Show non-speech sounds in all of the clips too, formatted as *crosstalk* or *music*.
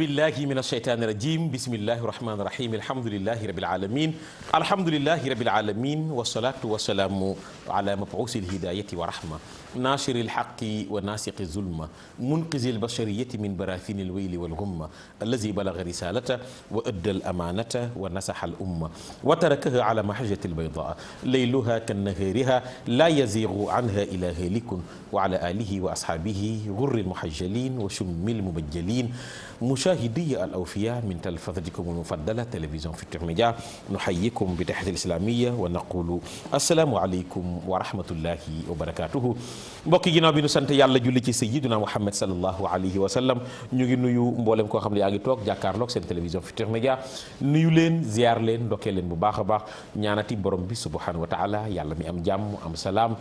billahi min alsheytaani rajim bismillahi rahmaani rahim alhamdulilahi rabil alamin alhamdulilahi rabil alamin wasalaatu wasalaamu ala mabuusi alhidayati wa rahma naashiri alxaqi wa naasiqi zulma munqizi albashariyati min barafini alwayli walgumma allazi balaga risalata wa adda alamanata wa nasaxa alumma wa tarakaha ala mahajati albaydaa layluha kannahaariha la yazigu anha ila halikun wa ala alihi wa ashaabihi gurri almuhajjalin wa shummi almubajjalin مشاهدي الأوفياء من تلفزتكم المفضلة تلفزيون فيتور ميديا نحييكم بتحية الإسلامية ونقول السلام عليكم ورحمة الله وبركاته mbokk yi ginnaaw bi nu sant yàlla julli ci sayyiduna Muhammad sallallahu alayhi wa sallam ñu ngi nuyu mboolem koo xam ne yaa ngi toog jàkkaarloog seen télévision Futurs Médias nuyu leen ziar leen ndokkee leen bu baax a baax ñaanati borom bi subhanahu wa taala yàlla mi am jàmm am salaam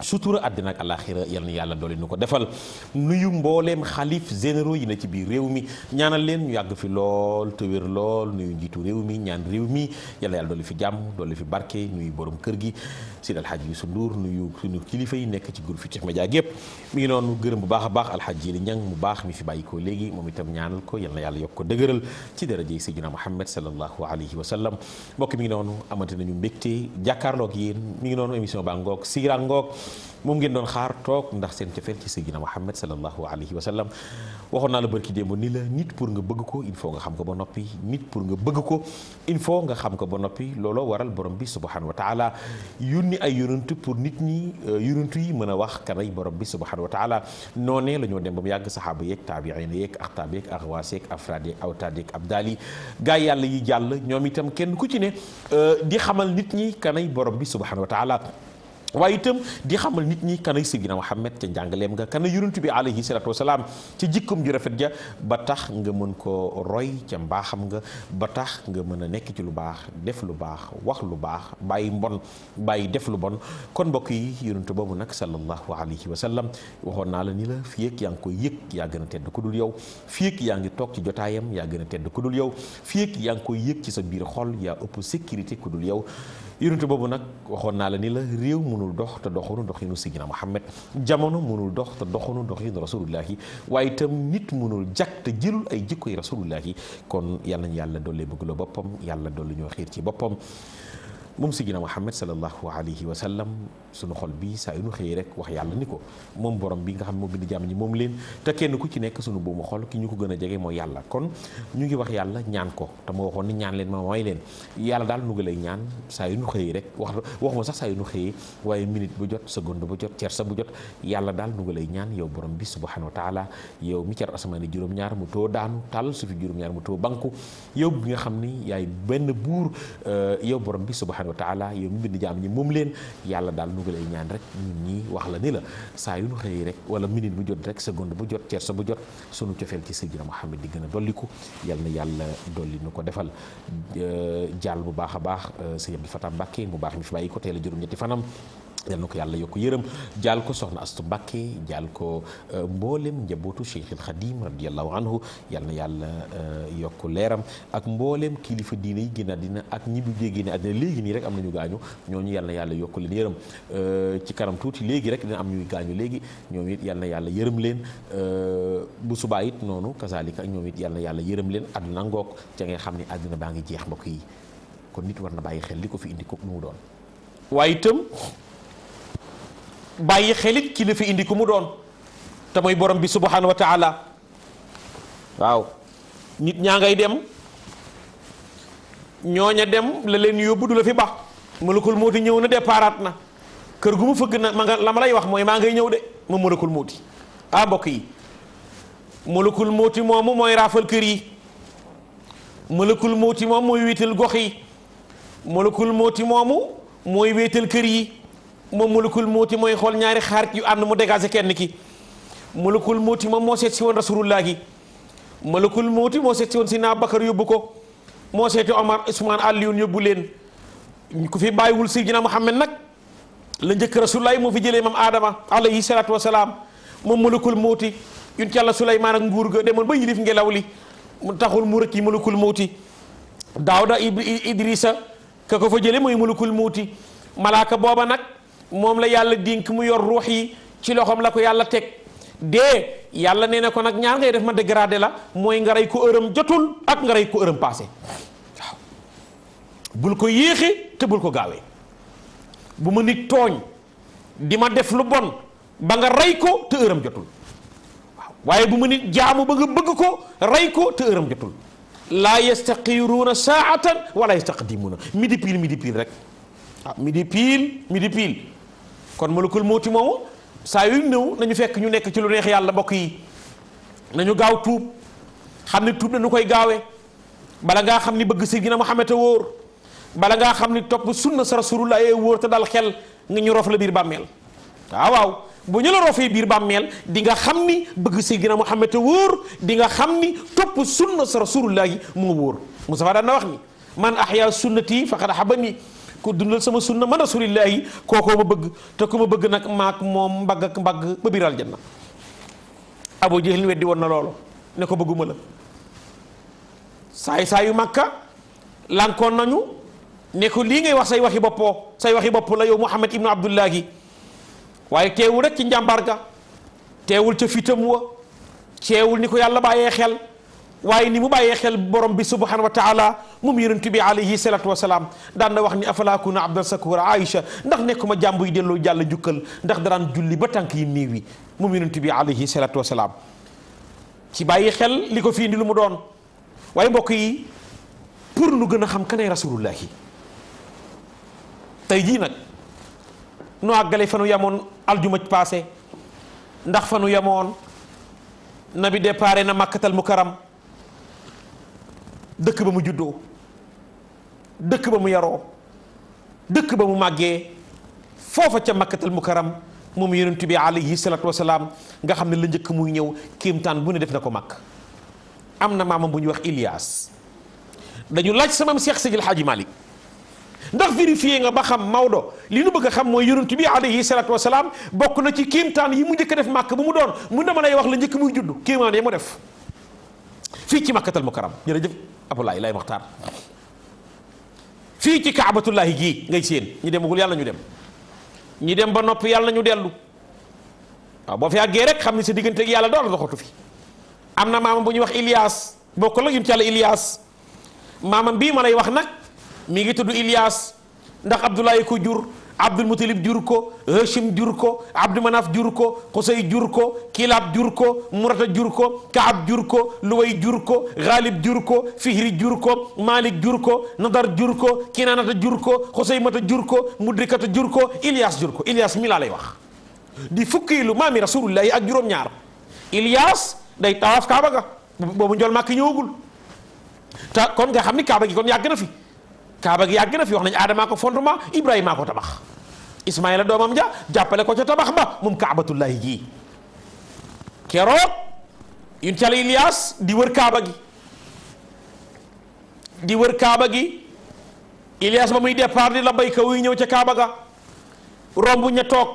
sutura àddina ak àlaxira yal yàlla yàlla doole nu ko defal nuyu mbooleem xalif généraux yi na ci biir réew mi ñaanal leen ñu yàgg fi lool te lool nuyu njiitu réew mi ñaan réew mi yal na yàlla doole fi jàmm doole fi barke nuyu boroom kër gi Seydi Alxaaji Youssou Ndour nuyu suñu kilifa yi nekk ci groupe Futurs Médias gépp mi ngi noonu gërëm bu baax a baax Alxaaji Ñang mu baax mi fi bàyyi ko léegi moom itam ñaanal ko yal na yàlla yokk ko dëgëral ci darajey Seydina Muhammad sallallahu alayhi wa sallam mbokk mi ngi noonu amante nañu mbégte jàkkaarloog yéen mi ngi noonu émission baa ngoog siira ngoog moom ngeen doon xaar toog ndax seen cofeel ci Seydina Muhammad sallallahu alayhi wa sallam waxoon naa la barki démb ni la nit pour ko il faut nga xam ko ba noppi nit pour nga bëgg ko il nga xam ko ba noppi looloo waral borom bi subhanahu wa taala yónni yónni ay yonantu pour nit ñi euh, yonantu yi mën a wax kanay borom bi subhanahu wa taala noonee la ñoo dem ba mu yàgg saxaaba yeeg taabiin yeeg axtaab yeeg axwaas yeeg afraad yeeg awtaad yeeg ab yi gaa yàlla yi jàll ñoom itam kenn ku ci ne euh, di xamal nit ñi kanay borom bi subhanahu wa taala waaye itam di xamal nit ñi kanay Seydina Muhammad ca njàngaleem nga kana yonent bi alayhi salaatu salaam ca jikkum ju rafet ja ba tax nga mën ko roy ca mbaaxam nga ba tax nga mën a nekk ci lu baax def lu baax wax lu baax bàyyi mbon bàyyi def lu bon kon mbokk yi yonent boobu nag sallallahu alayhi wa sallam waxoon naa la ni la fii ak yaa ngi koy yëg yaa gën tedd ku dul yow fii yaa ngi toog ci jotaayam yaa gën a tedd ku dul yow fii ak yaa ngi koy yëg ci sa biir xol yaa ëpp sécurité ku dul yow yonent boobu nag waxoon naa la ni la réew mënul dox te doxunu doxinu Sayyidina Muhammad jamono mënul dox te doxunu doxinu rasulullahi waaye itam nit mënul jag te jëlul ay jikkoy rasulullahi kon yàlla nañ yàlla dolli bëgg la boppam yàlla dolli ñoo xiir ci boppam moom Sayyidina Muhammad sallallahu alayhi wa sallam sunu xol bi saa yu nu xëy rek wax yàlla ni ko moom borom bi nga xam moo bind jàmm ñi moom leen te kenn ku ci nekk sunu boobu xol ki ñu ko gën a jege mooy yàlla kon ñu ngi wax yàlla ñaan ko te ma waxoon ni ñaan leen ma may leen yàlla daal nu ngi lay ñaan saa yu nu xëy rek wax wax ma sax saa nu xëyee waaye minute bu jot seconde bu jot cersa bu jot yàlla daal nu lay ñaan yow borom bi subhanahu wa taala yow mi car asamaani juróom-ñaar mu too daanu tàll suufi juróom-ñaar mu too banku yow bi nga xam ni yaay benn buur euh, yow borom bi subhanahu wa taala yow mi bind jàmm ñi moom leen yàlla daal ngi lay ñaan rek ñun ñii wax la ni la saa yu nu xëyee rek wala minute bu jot rek seconde bu jot cersa bu jot sunu cofeel ci Seydina Muhammad di gën a dolliku yal na yàlla dolli nu ko defal euh, jàll bu baax a baax euh, sëñ Abdou Fatah Mbacke mu baax mu fi bàyyi ko tey la juróom-ñetti fanam yal na ko yàlla yokk yërëm jaal ko soxna astu mbàkke jaal ko euh, mboolem njabootu cheikhil xadim radiallahu anhu yal na yàlla euh, yokk leeram ak mboolem kilifa diine yi a dina ak ñi bu génn àddina léegi nii rek am nañu gaañu ñooñu yal na yàlla yokk leen yërëm euh, ci karam tuuti léegi rek dina am ñuy gaañu léegi ñoom it yal yàlla yërëm leen bu subaa it noonu kazalika ñoom it yal na yàlla yërëm leen àdduna ngoog ca ngay xam ni àdduna baa ngi jeex mbokk yi kon nit war na bàyyi xel li ko fi indi ko mu doon bàyyi xelit ki la fi indi ku mu doon te mooy borom bi subhanahu wa taala waaw nit ñaa ngay dem ñooña dem la leen yóbbu du la fi bax malakul mawti ñëw na déparaat na kër gu mu fëgg na la ma lay wax mooy maa ngay ñëw de ma malakul mawti ah mbokk yi molokul mawti moomu mooy raafal kër yi malakul mawti moomu mooy wéetal gox yi malakul mawti moomu mooy wéetal kër yi moom mulukul muuti mooy xool ñaari xarit yu ànd mu dégagé kenn ki mulukul muuti moom moo seet si woon rasulullah gi mulukul muuti moo seet si woon si naa Bakar yóbbu ko moo seeti Omar Ousmane Alioune yóbbu leen ku fi bàyyiwul si Seydina Muhammad nag la njëkk rasulullah moo fi jëlee aadama Adama alayhi salaatu wasalaam moom mulukul muuti yuñ ci yàlla Suleymaan ak nguur ga demoon ba yilif ngelaw li mu taxul mu rëkk yi mulukul muuti Daawda Idrissa ka ko fa jëlee mooy mulukul muuti malaaka booba nag. moom la yàlla dénk mu yor ruux yi ci loxoom la ko yàlla teg dee yàlla nee na ko nag ñaar ngay def ma dégradé la mooy nga rey ko ërëm jotul ak nga rey ko ërëm passé bul ko yéexee te ko gaawee bu ma nit tooñ di ma def lu bon ba nga rey ko te ërëm jotul waaw waaye bu ma nit jaamu ba nga bëgg ko rey ko te ërëm jotul laa yastaqiruuna saatan wala yastaqdimuuna midi pile midi pile rek waaw ah, midi pile midi pile kon malakul mawti moomu saa yu ñëw nañu fekk ñu nekk ci lu neex yàlla mbokk yi nañu gaaw tuub xam ne tuub dañu koy gaawee bala ngaa xam ni bëgg Seydina Muhammad bala ngaa xam ni topp sunna sa rasulullah ay wóor dal xel nga ñu rof la biir bàmmeel waaw waaw bu biir bàmmeel di nga xam ni bëgg Seydina Muhammad a wóor di nga xam ni topp sunna sa rasulullah yi moo wóor Mustafa daan na wax ni man ahya sunnati faqad habani ku dundal sama sunna man rasulillahi kookoo ma bëgg te ku ma bëgg nag maak moom mbagg ak mbagg ba biir aljanna abu jahlin weddi woon na loolu ne ko bëgguma la saay saa yu màkka lankoon nañu ne ko lii ngay wax say waxi boppoo say waxi bopp la yow muhammad ibnu abdullahi waaye teewul rek ci njàmbaar ga teewul ca fitam wa teewul ni ko yàlla bàyyee xel waaye ni mu bàyyee xel borom bi subhanahu wa taala moom yonent bi alayhi salatu wasalaam daan na wax ni afala akuna abdan a aïcha ndax nekkuma jàmbuy delloo jàll jukkal ndax daraan julli ba tànk yi néew yi moom yonent bi alayhi salatu wasalaam ci bàyyi xel li ko fi indi lu mu doon waaye mbokk yi pour nu gën a xam kanay rasulullahi tey jii nag nu àggale fa nu yamoon aljuma paase ndax fa nu yamoon nabi déparé na màkkatal mukaram dëkk ba mu juddoo dëkk ba mu yaroo dëkk ba mu màggee foofa ca makkatal mukaram moom yonent bi alayhi salaatu wasalaam nga xam ne la njëkk muy ñëw kéemtaan bu ne def na ko màkk am na maamam bu ñu wax Ilias dañu laaj sama samam Seex Sidil Haaji Malik ndax vérifié nga ba xam Maodo li nu bëgg a xam mooy yonent bi alayhi salaatu salaam bokk na ci kéemtaan yi mu njëkk def màkk bu mu doon mu dama lay wax la njëkk muy juddu kéemaan ya mu def fii ci makkatal mukarram jërëjëf Abdoulaye Lay Maxtaar fii ci kaabatullahi gii ngay séen ñi demagul yàlla ñu dem ñi dem ba nopp yàlla ñu dellu waaw boo fi àggee rek xam ni sa diggante ak yàlla doon doxatu fii am na maamam bu ñuy wax Ilias bokkul ak yun ci yàlla Ilias maamam bii ma lay wax nag mi ngi tudd Ilias ndax Abdoulaye ko jur Abdul Mutalib jur ko Hashim jur ko Abdu Manaf jur ko Xusay jur ko Kilaab jur ko Murata jur ko Kaab jur ko Luway jur ko Ghalib jur ko Fihri jur ko Malik jur ko Nadar jur ko Kinaanata jur ko Xusaymata jur ko Mudrikata jur ko Ilyas jur ko Ilyas mi laa lay wax di fukki lu maami rasulullahi ak juróom-ñaar Ilyas day tawaaf Kaaba ga boobu njool màkk ñëwagul te kon nga xam Kaaba gi kon yàgg na fi. kaaba gi yàgg na fi wax nañu aadamaa ko fondement ibrahima ko tabax ismaila doomam ja jàppale ko ca tabax ba moom kaabatullahi ji keroog yun cala ilias di wër kaaba gi di wër kaaba gi ilias ba muy départ di la bayka ñëw ca kaaba ga romb ña toog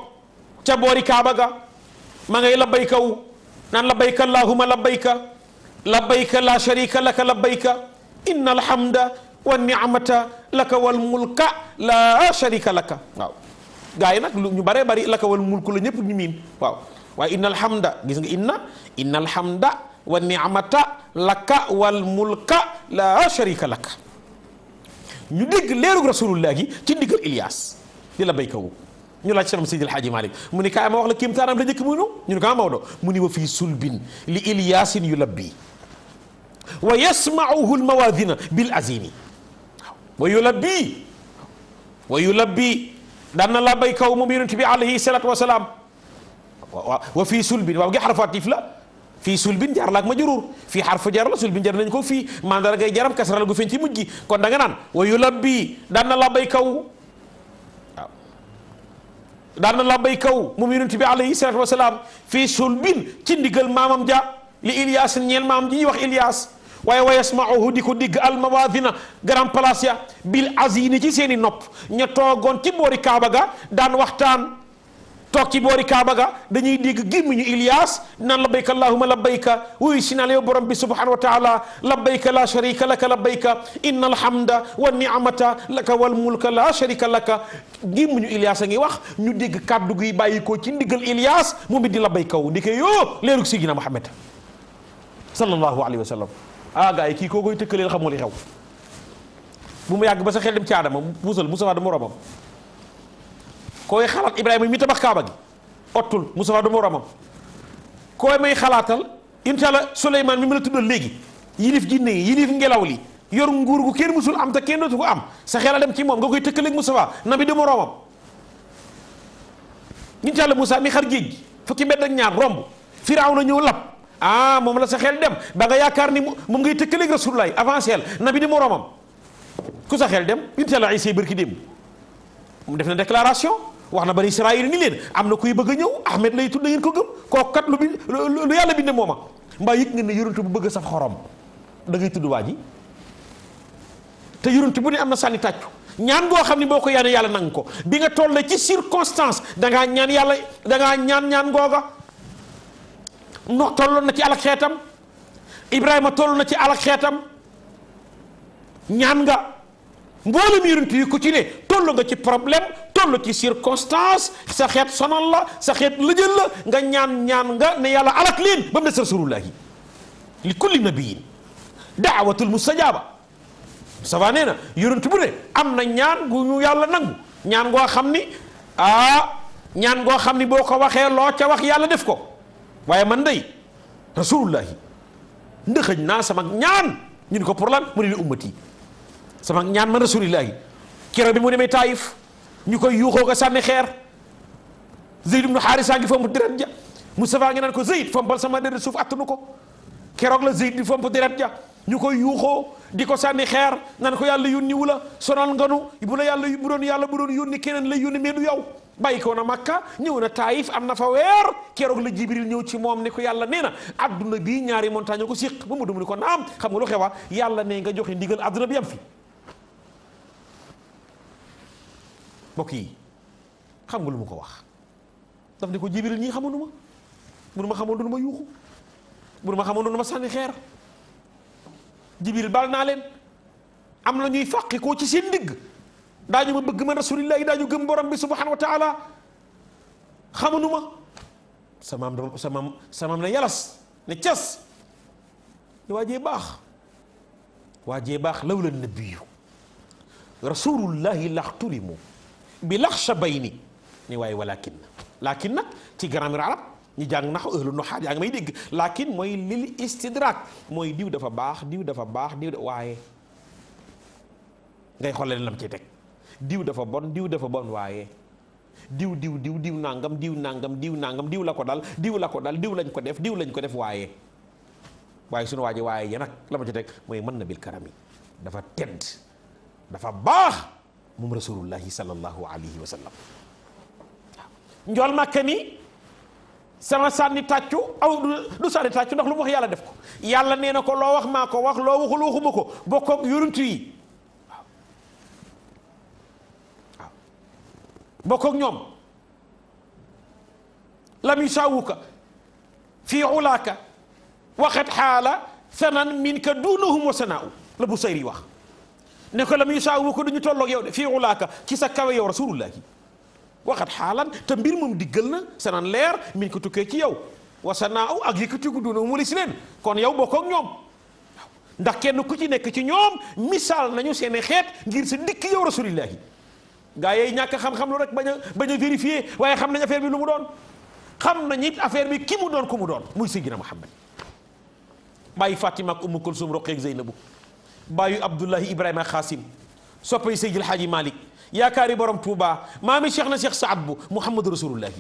ca boori kaaba ga ma ngay la bayka wu naan la bayka allahuma la bayka la bayka la sharika laka la bayka inna alhamda wa ni'mata laka wal mulka la sharika laka waaw gaa yi nag lu ñu bëree bëri laka wal mulku la ñëpp ñu miin waaw waaye innal hamda gis nga inna innal hamda wa ni'mata laka wal mulka la sharika laka ñu dégg leerug rasulullah gi ci diggal Ilias di la béykat wu ñu laaj seen Seydi El Hadji Malick mu ni kaay ma wax la kéemtaanam la njëkk muy nu ñu ne ko Maodo mu ni wa fii sulbin li Iliasin yulabbi wa yasma'uhu al mawaadina bil azimi wa yulabbi wa yulabbi daan na labbay kaw moom yonent bi alayhi salaatu wa salaam wa wa fii sulbin waaw gi xarfu atiif la fii sulbin jaar la ak majruur fii xarfu jar la sulbin jar nañ ko fii mandara ngay jaram kasral gu feeñ ci mujj gi kon da nga naan wa yulabbi daan na labbay kaw waaw na labbay kaw moom yonent bi alayhi salaatu wa salaam fii sulbin ci ndigal maamam ja li Ilias ñeel maam ji ñuy wax Ilias. waaye wa yasmauhu di ko digg almawaadina grand place ya bil azini ci seen i nopp ña toogoon ci boori Kaaba ga daan waxtaan toog ci boori Kaaba ga dañuy dégg gémmiñu Ilias naan labbayka allahumma labbayka wuyu si naal yow borom bi subhanahu wa taala labbayka la sharika laka labbayka inna alhamda wa niamata laka wal mulka la sharika laka gémmiñu Ilias a ngi wax ñu dégg kàddu gi bàyyi koo ci ndigal Ilias mu bi di labbayka wu ndike yoo leerug si gina Muhammad sallallahu alayhi ah gars yi kii koo koy tëkkaleel xamul li xew bu mu yàgg ba sa xel dem ci Adama puusal Moustapha du moromam koy Ibrahima mi tabax Kaaba gi ottul Moustapha du moromam koy may xalaatal incha allah Souleymane mi mu léegi yilif jinne yi ngelaw li yor nguur gu kenn musul am te kenn dootu am sa ci moom nga koy tëkkaleeg Moustapha nabi du moromam incha allah mi xar géej gi fukki mbedd ak ñaar romb na ñëw lab. ah moom la sa xel dem ba nga yaakaar ni mu moom ngay tëkkaleeg rasulullaay avancé na bi di moroomam ku sa xel dem yonent Yàlla Iisaa barki démb mu def na déclaration wax na ba bani Israayil ni leen am na kuy bëgg a ñëw Ahmed lay tudd ngeen ko gëm kooku lu bi lu yàlla binde mooma mbaa yëg ngeen ne yonent bu bëgg a saf xorom dangay ngay tudd waa ji te yonent bu ne am na sànni tàccu ñaan goo xam ne boo ko yaane yàlla nangu ko bi nga toll ci circonstance da ngaa ñaan yàlla da ñaan ñaan googa no tolloon na ci alak xeetam ibrahima toll na ci alak xeetam ñaan nga mboolem yonent yi ku ci ne toll nga ci problème toll ci circonstance sa xeet sonal la sa xeet lëjël la nga ñaan ñaan nga ne yàlla alak leen ba mu des rasulullahi li kulli nabiyin daawatul mustajaaba sava nee na yonent bu ne am na ñaan gu ñu yàlla nangu ñaan ngoo xam ni ah ñaan ngoo xam ni boo ko waxee loo ca wax yàlla def ko waaye man day rasulullahi ndëxëñ naa sama ñaan ñu ni ko pour lan mu ne li ummati sama ñaan man rasulullahi keroog bi mu demee Taayif ñu koy yuuxoo ko sànni xeer Zeyd ibnu Haarisa ngi fomp deret ja Mustafa ngi naan ko Zeyd fompal sama deret suuf attanu ko keroog la Zeyd di fomp deret ja ñu koy yuuxoo di ko sànni xeer naan ko yàlla yónni wu la sonal nganu bu la yàlla bu doon yàlla bu doon yónni keneen la yónni mais yow bàyyi ko na Makka ñëw na Taayif am na fa weer keroog la Jibril ñëw ci moom ne ko yàlla nee na adduna bii ñaari montagne ko siq ba mu dum ni xam nga lu yàlla ne nga joxe ndigal adduna bi am fi mbokk yi xam nga lu mu ko wax daf ne ko Jibril ñii xamandu ma mënu ma xamandu ma yuuxu mënu ma xamandu ma sànni xeer jibril baal naa leen am la ñuy fàqi ci seen daa daañu ma bëgg man rasulillahi daañu gëm borom bi subhanahu wa taala xamanu ma samaam dama samaam samaam ne yalas ne cas waajee baax baax law la nabiyu rasulullahi laxtulimu bi laxsha bayni ni waaye walakin na nag ci grammaire arab ñi jàng nax ëhlu nu xaat yaa ngi may dégg laakin mooy lil istidrak mooy diw dafa baax diw dafa baax diw waaye ngay xool leen lam ciy teg diw dafa bon diw dafa bon waaye diw diw diw diw nangam diw nangam diw nangam diw la ko dal diw la ko dal diw lañ ko def diw lañ ko def waaye waaye suñu waa ji waaye ya nag la ma ci teg mooy mën na bil karami dafa tedd dafa baax moom rasulullahi sallallahu alayhi wa sallam waaw njool màkka ni sama sànni tàccu aw du sànni tàccu ndax lu mu wax yàlla def ko yàlla nee na ko loo wax maa ko wax loo waxul waxuma ko bokkook yonent yi waaw waaw bokkoog ñoom lam yusaawuka fii ulaaka waxat xaala sanan min ka duunahum wa sanaaw la bu sayri wax ne ko lam yusaawuka du ñu tolloog yow de fii ulaaka ci sa kawe yow rasulullah waxat xaalan te mbir moom diggal na sanan leer min ko tukkee ci yow wasanaa aw ak yëkkatiku duna mu si leen kon yow bokkook ñoom ndax kenn ku ci nekk ci ñoom misaal nañu seen xeet ngir sa dikk yow rasulillahi gaa yey ñàkk xam-xam lu rek bañ a bañ a vérifier waaye xam nañ affaire bi lu mu doon xam nañ it bi ki mu doon ku mu doon muy Seydina Muhammad bàyyi Fatima ak Umu Kulsum Roqeeg Zeynabu bàyyi Abdullahi Ibrahima Xaasim soppay Seydil Xaaji Malik yaakaari borom Touba maami Cheikh na Cheikh Saad bu Mouhamadou Rasulullahi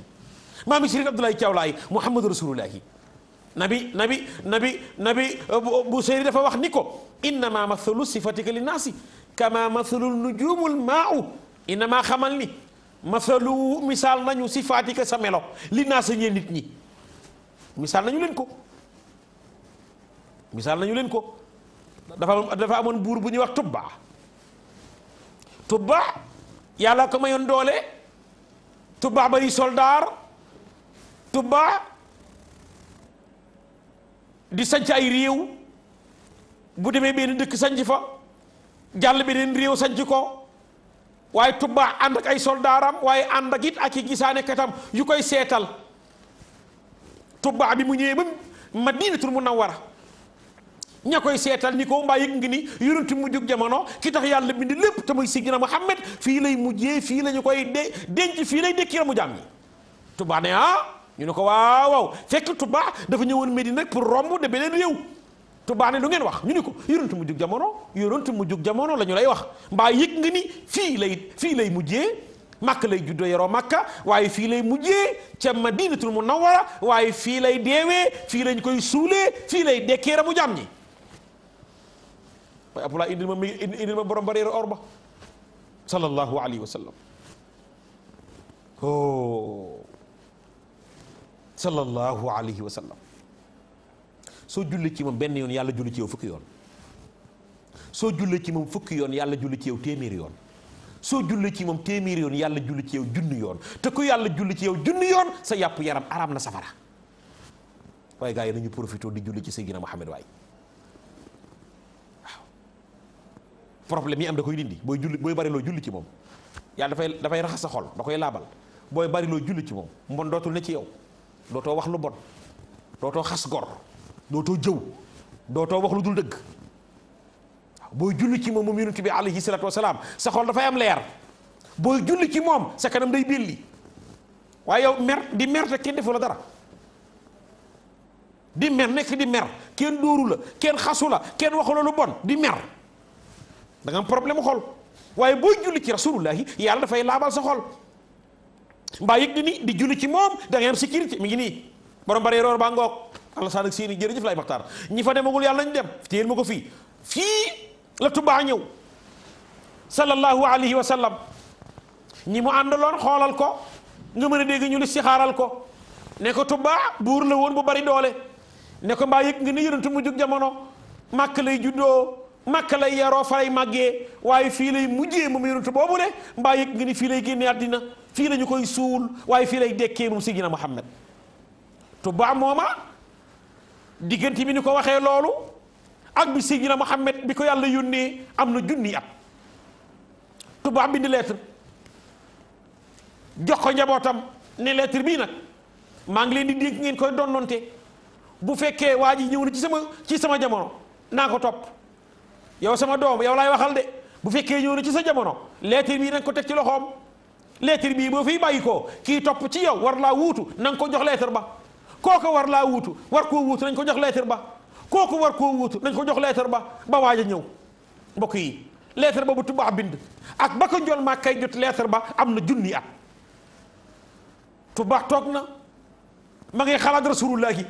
maami Serigne Abdoulaye Thiawlaay Mouhamadou Rasulullahi nabi nabi nabi nabi bu Seyri dafa wax ni ko innama mathalu sifatika linnaasi kama mathalu nujumul maa'u innama xamal ni mathalu misaal nañu sifaatika sa melo li naa sa nit ñi misaal nañu leen ko misaal nañu leen ko dafa dafa buur bu ñuy wax tubbaa tubbaa yàlla ko mayoon doole Touba bari soldaar Touba di sanc ay réew bu demee benn dëkk sanc fa jàll beneen réew sanc ko waaye Touba ànd ak ay soldaaram waaye ànd ak it ak i gisaane katam yu koy seetal Touba bi mu ñëwee ba na wara ña koy seetal ni ko mbaa yëg nga ni yonent mu jóg jamono ki tax yàlla bind lépp te muy Seydina Muhammad fii lay mujjee fii la koy de fii lay dekki mu jàmm yi Touba ne ah! ñu ne ko waaw waaw fekk Touba dafa ñëwoon Medina pour romb de beneen réew Touba ne lu ngeen wax ñu ni ko yonent mu jóg jamono yonent mu jóg jamono la lay wax mbaa yëg ngi ni fii lay fii lay mujjee. màkk lay juddoo yaroo màkka waaye fii lay mujjee ca madinatul munawwara waaye fii lay deewee fii lañ koy suulee fii lay dekkeera mu jàmm ñi waaye Abdoulaye indil indi mi ma borom bareeru or ba sallallahu alayhi wa sallam oh soo julli ci moom benn yoon yàlla julli ci yow fukki yoon soo julli ci moom fukki yoon yàlla julli ci yow téeméeri yoon soo julli ci moom téeméeri yoon yàlla julli ci yow junni yoon te ku yàlla julli ci yow junni yoon sa yàpp yaram araam na safara waaye gaa yi nañu profité di julli ci Seydina Muhammad waay problème yi am da koy dindi booy julli booy bari loo julli ci moom yàlla dafay dafay raxas sa xol da koy laabal booy bari loo julli ci moom mbon dootul ne ci yow dootoo wax lu bon xas gor dootoo jëw dootoo wax lu dul dëgg booy julli ci moom moom yonent bi alayhi salaatu wasalaam sa xol dafay am leer booy julli ci moom sa kanam day belli waaye yow mer di mer te kenn defu la dara di mer nekk di mer kenn dóoru la kenn xasu la kenn waxu la lu bon di mer da nga am problème mu xol waaye boo julli ci rasulullahi yàlla dafay laabal sa xol mbaa yëg ni di julli ci moom da ngay am sécurité mi ngi nii borom bari roor baa ngoog Alassane ak seeni jërëjëf laay Maxtaar ñi fa demagul yàlla nañ dem téyel ma ko fii fii la Tuubaa ñëw sallallahu alayhi wa sallam ñi mu lool xoolal ko nga mën a dégg ñu li si xaaral ko ne ko Tuubaa buur la woon bu bari doole ne ko mbaa yëg nga ni yonentu mu jóg jamono màkk lay juddoo makk lay yaroo fa lay waaye fii lay mujjee moom yonentu boobu ne mbaa yëg nga ni fii lay génne àddina fii la ñu koy suuwul waaye fii lay dekkee moom Seydina Muhammad Tuubaa mooma diggante bi ni ko waxee loolu ak bi Seydina Muhammad bi ko yàlla yónnee am na junni at Tuubaa bind lettre jox ko njabootam ne lettre bii nag maa ngi leen di dénk ngeen koy donnante bu fekkee waa ji ñëw na ci sama ci sama jamono naa ko topp yow sama doom yow laay waxal de bu fekkee ñëw na ci sa jamono lettre bii na nga ko teg ci loxoom lettre bii boo fii bàyyi koo kii topp ci yow war laa wuutu na nga ko jox lettre ba kooku war laa wuutu war koo wuutu nañ ko jox lettre ba kooku war koo wuutu nañ ko jox lettre ba ba waaj a ñëw mbokk yi lettre ba bu tubaax bind ak ba ko njool maa kay jot lettre ba am na junni at tubaax toog na ma ngay xalaat rasulullah gi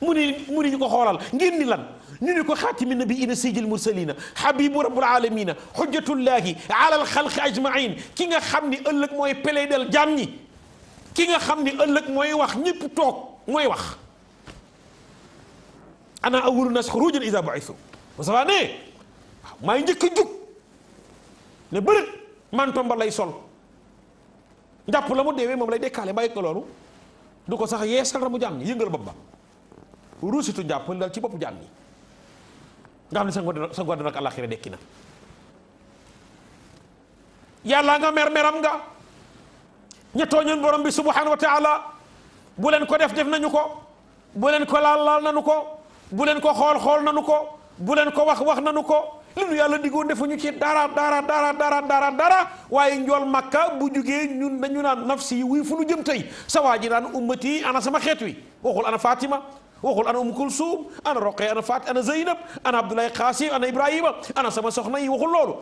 mu ko xoolal ngir ni lan ñu ne ko xaatimi nabiina sayyidil mursalina habibu rabbul alamina hujjatullahi ala alxalqi ajmain ki nga xam ni ëllëg mooy dal jaam ñi ki nga xam ni ëllëg mooy wax ñëpp toog mooy wax ana awalu nas xurujan isa buisu Moustapha ne waaw maay njëkk a jug ne bërët mantom lay sol njàpp la mu deewee moom lay dekkaale bàyyi ko loolu du ko sax yeesal ra mu jàmm ñi yëngal bopp ba ruusitu njàpp dal ci bopp jàmm ñi nga xam ne sa ngor sa ngor nag àlaxira dekki na yàlla nga mer meram nga ña tooñoon borom bi subhanahu wa taala bu leen ko def def nañu ko bu leen ko laal laal nañu ko bu leen ko xool xool nañu ko bu leen ko wax wax nañu ko li nu yàlla diggoon ñu ci dara dara dara dara dara dara waaye njool makka bu jugee ñun dañu naan nafsi wuy fu nu jëm tey sa waa ji naan ummati ana sama xeet wi waxul ana Fatima. waxul ana um kulsum ana roqee ana faat ana zeynab ana abdoulaye xaasim ana ibrahima ana sama soxna yi waxul loolu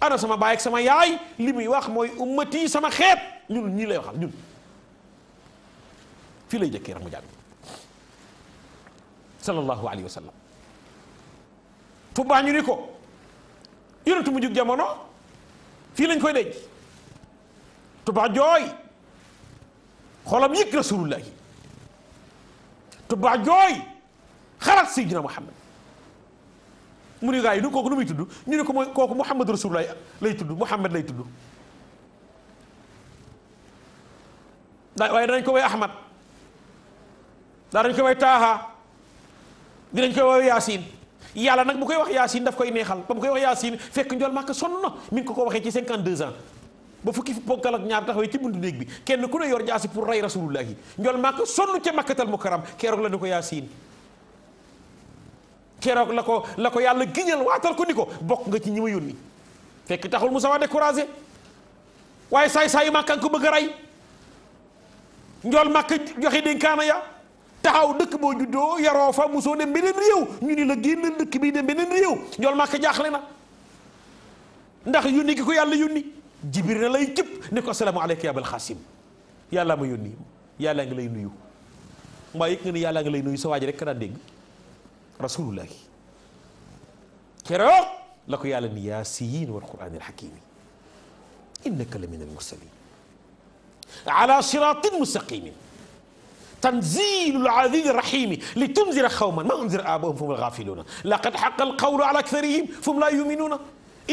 ana sama baay sama yaay li muy wax mooy ummati sama xeet ñun ñii lay waxal ñun lay jëkkee rek mu jàlbi sallallahu alayhi wa sallam Tuubaa ñu ni ko yonentu mu jug jamono fii lañ koy denc Tuubaa jooy xolam yëg rasulullahi Touba jooy xalaat Seydina Muhammad mu ne gars yi nu kooku nu muy tudd ñu ne ko mooy kooku Muhammad Rasulullah lay tudd Muhammad lay tudd daa waaye danañ ko way Ahmad daa dañ ko way Taaha dinañ koy way Yaasin yàlla nag bu koy wax Yaasin daf koy neexal ba mu koy wax Yaasin fekk njool màkk sonn na mi ngi ko ko waxee ci 52 ans ba fukki ponkal ak ñaar taxawee ci buntu néeg bi kenn ku ne yor jaasi pour rey rasulullahi njol màkk sonn ca makkatal mukarram keroog la ne ko yaasiin keroog la ko la ko yàlla giñal waatal ko bokk nga ci ñi ma yónni fekk taxul Musaa découragé waaye saay saayu màkkan ko bëgg a rey njool màkk joxe dénkaana ya taxaw dëkk boo juddoo yaroo fa musoo dem beneen réew ñu ni la génn dëkk bii dem beneen réew njool màkk jaaxle na ndax yónni gi ko yàlla yónni jibir na lay képp ne ko asalaamu aleyka ya abal xaasim yàllaa ma yónni yàllaa ngi lay nuyu mbaa yëg nga ni yàllaa ngi lay nuyu sa waa ji rek ka daan dégg rasulullahi keroog la ko yàlla ni yaasiin wal quraan al hakiim innaka la min al mursaliin ala siraatin mustaqiim tanziilul aziizir rahiim li tunzira xawman maa unzira aabaa'uhum fa humul gaafiluuna laqad haqqa al qawlu ala aktharihim fa hum laa yu'minuuna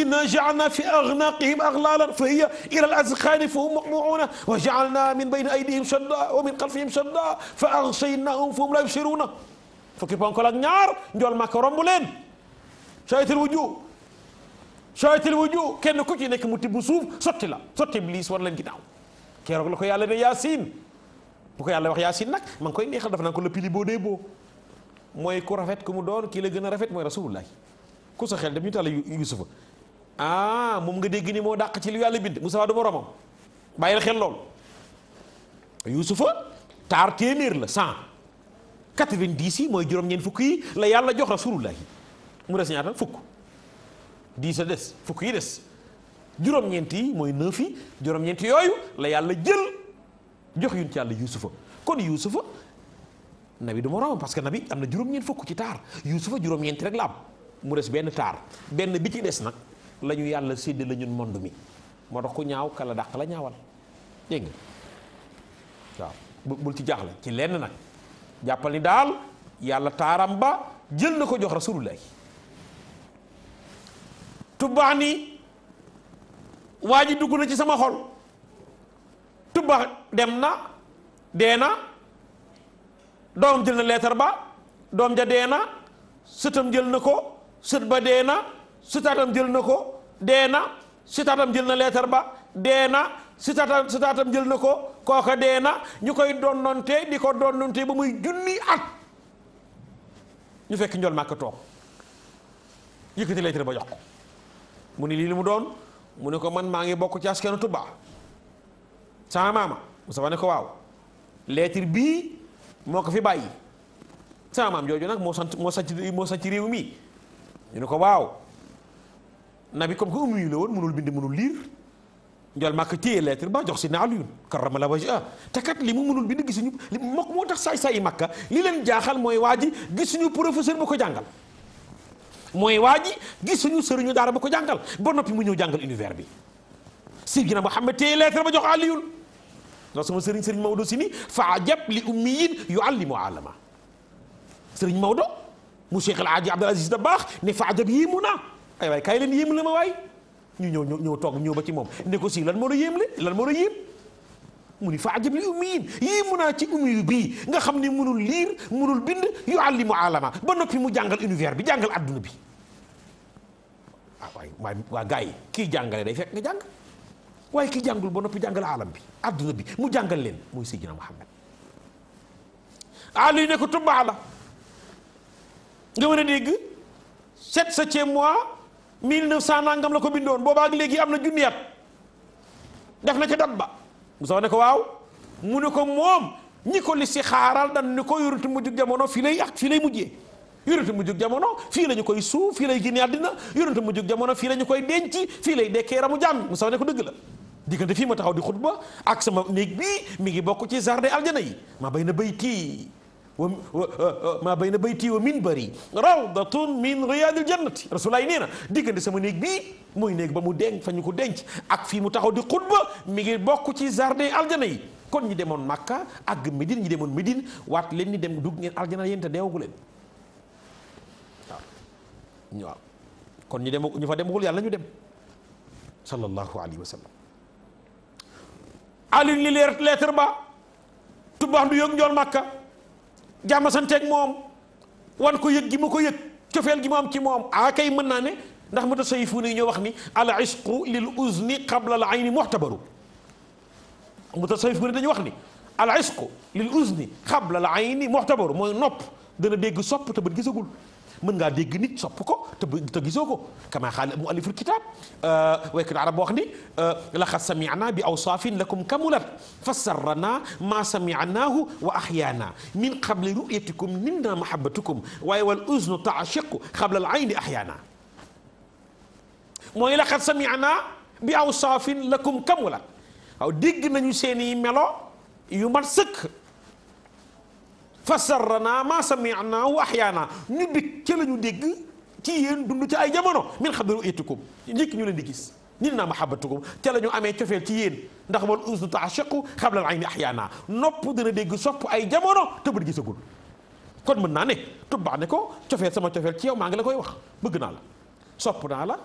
إنا جعلنا في أغناقهم أغلالا فهي إلى الأذقان فهم مقموعون وجعلنا من بين أيديهم شدا ومن خلفهم شدا فأغشيناهم فهم لا يبصرون fukki ponk la ak ñaar njool Màkka romb leen shayatil wuju shayatil wuju kenn ku ci nekk mu tibb suuf sotti la sotti Iblis war leen ginnaaw keroog la ko yàlla ne Yaasin bu ko yàlla wax Yaasin nag maa ngi koy neexal dafa naan ko le pili boo dee boo mooy ku rafet ku mu doon kii la gën a rafet mooy Rasulullah ku sa xel dem ñu tàlla Yusufa ah moom nga dégg ni moo dàq ci lu yàlla bind Moussa du bàyyi bàyyil xel lool Yuusufa taar téeméer la cent quatre-vingt-dix yi mooy juróom-ñeent fukk yi la yàlla jox rasulullah yi mu des fukk dix a des fukk yi des juróom-ñeent mooy neuf yi la yàlla jël jox yunt yàlla Yuusufa kon Yuusufa nabi du moromam parce que nabi am na juróom-ñeent fukk ci taar Yuusufa juróom-ñeent rek la am mu des benn taar benn bi ci des nag la ñu yàlla séddi la ñun mi moo tax ku ñaaw kala dàq la ñaawal dégg nga waaw bul ci jaaxle ci lenn nag jàppal ni daal yàlla taaram ba jël na ko jox rasulullahi tubbaax ni waa ji dugg na ci sama xol tubbaax dem na dee na doom jël na leetar ba doom ja dee na sëtam jël na ko sët ba dee na sutaatam jël na ko dee na sutaatam jël na leetar ba dee na sutaatam sutaatam jël na ko kooka dee na ñu koy donnante di ko donnante ba muy junni at ñu fekk njool màkk toog yëkkati leetar ba jox mu ni lii li mu doon mu ne ko man maa ngi bokk ci askanu Tuba sama maama Mustafa ne ko waaw leetar bii moo ko fi bàyyi sama maam jooju nag moo sant moo sant moo sant réew mi ñu ne ko waaw na bi comme que ummi yu la woon mënul bind mënul liir njool màkk téye lettre ba jox si na Aliyun karrama la wajha te kat li mu mënul bind gisuñu li mook moo tax saay saay makka li leen jaaxal mooy waa ji gisuñu professeur ba ko jàngal mooy waa ji gisuñu sëriñu daara ba ko jàngal ba noppi mu ñëw jàngal univers bi Sidina Muhammad téye lettre ba jox Aliyun ndax sama sëriñ sëriñ Maodo si fa faajab li ummiyin yuallimu alama sëriñ Maodo mu Cheikh El Hadji Abdoul Aziz Dabakh ne faajab yii ay waay kaay leen yéem la ma waay ñu ñëw ñëw toog ñëw ba ci moom ne ko lan moo la yéem lan moo la yéem mu ni fa ajab li ummiyin yéemu naa ci ummi bii nga xam ne mënul liir mënul bind yu àllimu alama ba noppi mu jàngal univers bi jàngal adduna bi waaw ah, waay waay waa yi kii jàngale day fekk nga jàng waaye kii jàngul ba noppi jàngal alam bi adduna bi mu jàngal leen mooy Seydina Muhammad Ali ne ko tubbaa la nga mën a dégg sept septième mois mille neuf cent nangam la ko bindoon boobaak léegi am na junni at def na ca dat ba Moussa ne ko waaw mu ne ko moom ñi ko listixaaral dan ni ko yuritu mujjug jamono fii lay ak fii lay mujjee yonente mu jóg jamono fii la ñu koy suuf fii lay génne àddina yonente mu jóg jamono fii la ñu koy denc fii lay dekkee yaramu jàmm Moussa ne ko dëgg la diggante fii ma taxaw di xutba ak sama néeg bii mi ngi bokk ci jardin aljana yi ma bay na béy tii ma bayna bayti wa minbari rawdatun min riyaadil jannati rasulaay nee na diggante sama néeg bii mooy néeg ba mu denc fa ñu ko denc ak fii mu taxaw di xutba mi ngi bokk ci jardin aljana yi kon ñi demoon Makka ak Médine ñi demoon Médine waat leen ni dem dugg ngeen aljana yéen te deewagu leen waaw waaw kon ñu dem ñu fa demagul yàlla ñu dem sallallahu alayhi wa sallam alin li leer lettre ba tubax du yëg njool Makka jàmm santeeg moom wan ko yëg gi mu ko yëg cofeel gi mu am ci moom ah kay mën naa ne ndax mu tasa yu fuuna yi ñoo wax ni al isqu lil uzni qabla al ayni muxtabaru mu tasa yu fuuna dañu wax ni al isqu lil uzni qabla al ayni muxtabaru mooy nopp dana dégg sopp te bët gisagul. mën ngaa dégg nit sopp ko te te gisoo ko kama xaal mu aliful kitaab euh, waykat arab wax ni euh, laqad sami'na bi awsaafin lakum kamulat fa sarrana ma sami'nahu wa axyaana min qabli ru'yatikum ninna mahabbatukum waaye wal uznu taashiqu qabla al ayni axyaana mooy laqad sami'na bi awsaafin lakum kamulat waaw dégg nañu seen i melo yu mat sëkk fa sarranaa maa sami'naahu ahyaanaa ñu bég ca la ñu dégg ci yéen dund ci ay jamono min xam ne itikum njëkk ñu leen di gis ma naa mahabbatukum ca la ñu amee cofeel ci yéen ndax wal usnu ta'shiqu qabla al-ayni ahyaanaa nopp dana dégg sopp ay jamono te gisagul kon mën naa ne tubbaa ne ko cofeel sama cofeel ci yow maa ngi la koy wax bëgg naa la sopp naa la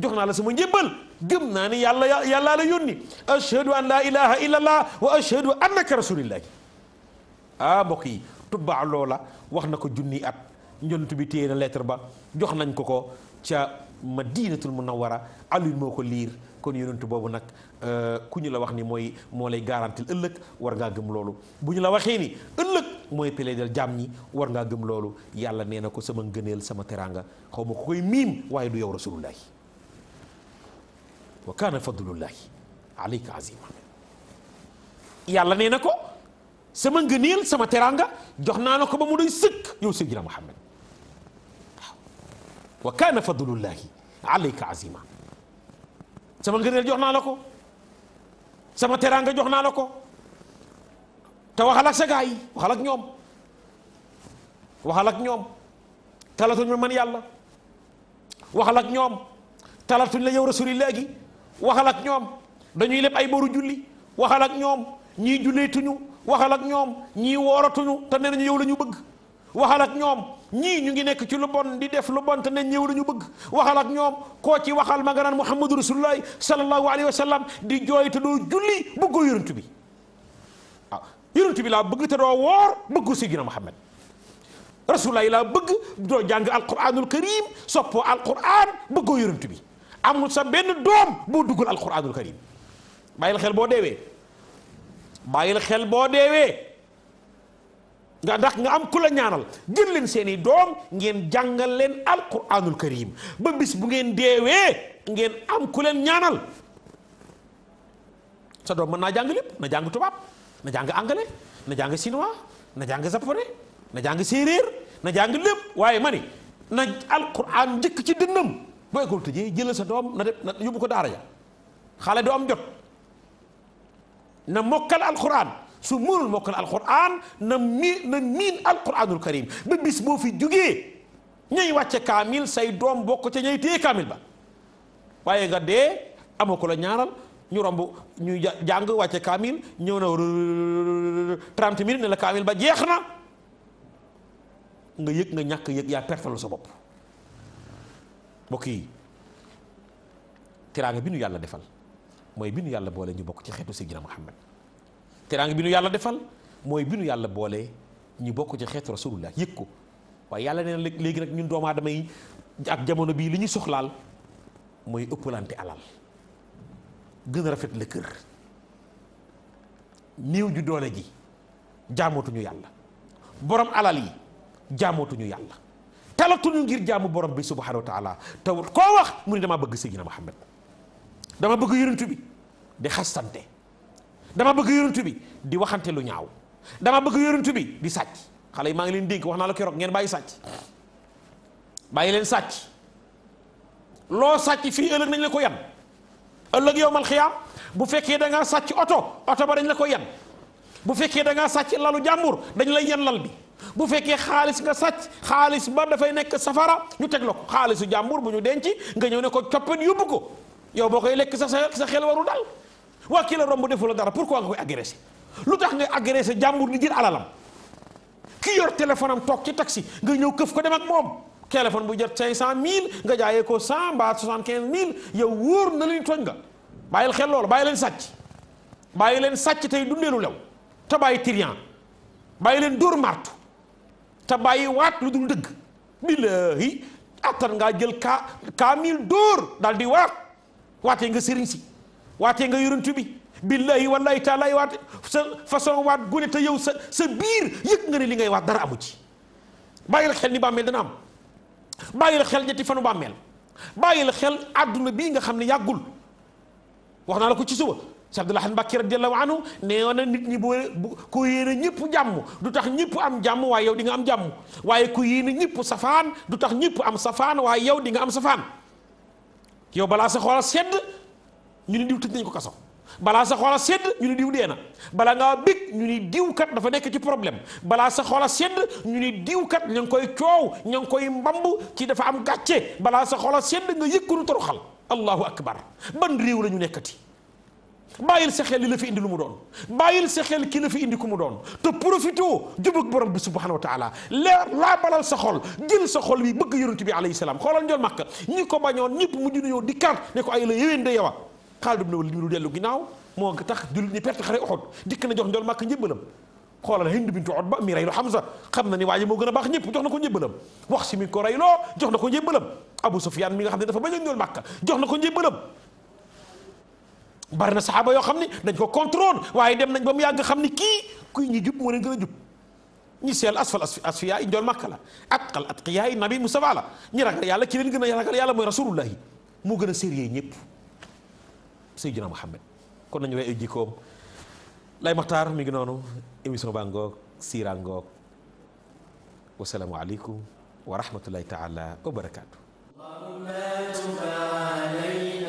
jox naa la sama njébbal gëm naa ne yàlla yàllaa la yónni ashhadu an laa ilaha illa allah wa ashhadu annaka rasulillah ah mbokk yi tubbaa loola wax na ko junni at njont bi téye na lettre ba jox nañ ko ko ca madinatul munawwara Aliou moo ko liir kon yonentu boobu nag euh, ku ñu la wax ni mooy moo lay garantil ëllëg war ngaa gëm loolu bu ñu la waxee ni ëllëg mooy peleedal jaam ñi war ngaa gëm loolu yàlla nee na ko sama ngëneel sama teraanga xaw ma ko koy miim waaye du yow rasulullahi wa kaana fadlullahi alayka azima yàlla nee na ko sama ngëneel sama teraanga jox naa la ko ba mu doy sëkk yow Seydina Muhammad waaw wa kaana fadlullahi alayka azima sama ngëneel jox naa la ko sama teraanga jox naa la ko te waxal ak sa gaa yi waxal ak ñoom waxal ak ñoom talatuñ ma man yàlla waxal ak ñoom talatuñ la yow rasulillah gi waxal ak ñoom dañuy leb ay boru julli waxal ak ñoom ñii julleetuñu waxal ak ñoom ñii wooratuñu te nee nañu yow la bëgg waxal ak ñoom ñii ñu ngi nekk ci lu bon di def lu bon te nañ ñëw la bëgg waxal ñoom koo ci waxal ma nga naan muhammadu rasulullahi sallallahu alayhi wa sallam di jooy te doo julli bëggoo yonent bi waaw ah, yonent bi laa bëgg te doo woor bëggu sayyidina muhammad rasulullahi laa bëgg doo jàng alquranul karim soppoo alquran bëggoo yonent bi amul sa benn doom boo duggul alquranul karim bàyyil xel boo deewee bàyyil xel boo deewee nga ndax nga am ku la ñaanal jël leen seeni doom ngeen jàngal leen alquranul karim ba bis bu ngeen deewee ngeen am ku leen ñaanal sa doom mën naa jàng lépp na jàng tubaab na jàng anglais na jàng chinois na jàng sa japonais na jàng séeréer na jàng lépp waaye ma ni na alquran njëkk ci dënnam boo école tëjee jëlal sa doom na def yóbbu ko daara ja xale doo am jot na mokkal alquran su mënul mokkal alquran na mi na miin alquranul karim ba bis boo fi jugee ñay wàcce kaamil say doom bokk ca ñay téye kaamil ba waaye nga dee amoo ko la ñaaral ñu romb ñu jàng wàcce kaamil ñëw na 30 minutes ne kaamil ba jeex na nga yëg nga ñàkk yëg yaa pertalu sa bopp mbokk yi teraanga bi nu yàlla defal mooy bi nu yàlla boole ñu bokk ci xeetu Seydina Muhammad teraanga bi nu yàlla defal mooy bi nu yàlla boole ñu bokk ci xeetu rasulullah yëg ko waaye yàlla nee na léegi nag ñun doomaa aadama ak jamono bii li ñu soxlaal mooy ëppalante alal gën a rafet la kër néew ju doole ji jaamootuñu yàlla borom alal yi jaamootuñu yàlla talatuñu ngir jaamu borom bi subhanahu wa taala te koo wax mu ne damaa bëgg Seydina Muhammad dama bëgg yonent bi di xastante dama bëgg yonent bi di waxante lu ñaaw dama bëgg yonent bi di sàcc xale yi maa ngi leen dénk wax naa la keroog ngeen bàyyi sàcc bàyyi leen sàcc loo sàcc fii ëllëg nañ la ko yan ëllëg yow mal xiyaam bu fekkee da sàcc oto oto ba dañ la ko yan bu fekkee da ngaa sàcc lalu jàmbur dañ lay yan lal bi bu fekkee xaalis nga sàcc xaalis ba dafay nekk safara ñu teg la ko xaalisu jàmbur bu ñu denc nga ñëw ne ko coppet yóbbu ko yow boo koy lekk sax sa xel waru dal waa kii la romb defu la dara pourquoi nga koy agressé lu tax ngay agressé jàmbur di jël alalam ki yor téléphone am toog ci taxi nga ñëw këf ko dem ak moom téléphone bu jot cinq cent mille nga jaayee ko sant mbaa soixante quinze mille yow wóor na leen tooñ nga bàyyil xel loolu bàyyi leen sàcc bàyyi leen sàcc tey dundeelu lew te bàyyi tiriyan bàyyi leen dóor martu te bàyyi waat lu dul dëgg billaahi attan ngaa jël kaa kaa mille daal di waat waate nga sëriñ si waate nga yuruntu bi billahi wallahi taalaay waat sa façon waat gune te yow sa sa biir yëg nga ne li ngay waat dara amu ci bàyyil xel ni bàmmeel dana am bàyyil xel ñetti fanu bàmmeel bàyyil xel àdduna bi nga xam ne yàggul wax naa la ko ci suba si Abdoulaye Mbacke radiyallahu anhu nee na nit ñi bu ko yéene ñëpp jàmm du tax ñëpp am jàmm waaye yow di nga am jàmm waaye ku yéene ñëpp safaan du tax ñëpp am safaan waaye yow di nga am safaan yow balaa sa a sedd ñu ni diw tëj nañ ko kaso balaa sa xoola sedd ñu ni diw dee na balaa ngaa bég ñu ni diw kat dafa nekk ci problème balaa sa a sedd ñu ni diw kat ña ngi koy coow ña ngi koy mbamb ci dafa am gàcce balaa sa a sedd nga yëg ko nu toroxal allahu akbar ban réew la ñu nekkati bàyyil sa xel li la fi indi lu mu doon bàyyil sa xel ki la fi indi ku mu doon te profité jubag borom bi subhanahu wa taala leer laa balal sa xol jël sa xol bi bëgg yonent bi alayhi salaam xoolal njool màkk ñi ko bañoon ñëpp mujj nañoo dellu ginnaaw moo nga tax jullit ñi perte xare Uhud dikk na jox njool màkk njëbbalam xoolal Hind bintu Utba mi xam Hamza xam na ni waa ji moo gën a baax ñëpp jox na ko njëbbalam wax si mi ko reyloo jox na ko njëbbalam Abu Sufyaan mi nga xam ne dafa bañ a njool màkk jox na ko njëbbalam bari na saxaaba yoo xam ni dañ ko contrôle waaye dem nañ ba mu yàgg xam ni kii kuy ñu jub moo leen gën a jub ñi seel asfal asfiya yi njool màkka la atqal atqiya yi nabi Mustafa la ñi ragal yàlla ki leen gën a ragal yàlla mooy rasulullahi moo gën a sérieux ñëpp Seydina Muhammad kon nañu way ay jikkoom lay maxtaar mi ngi noonu émission baa ngoog siira ngoog wasalaamu aleykum wa rahmatullahi taala wa barakaatu. allahumma tuba alayna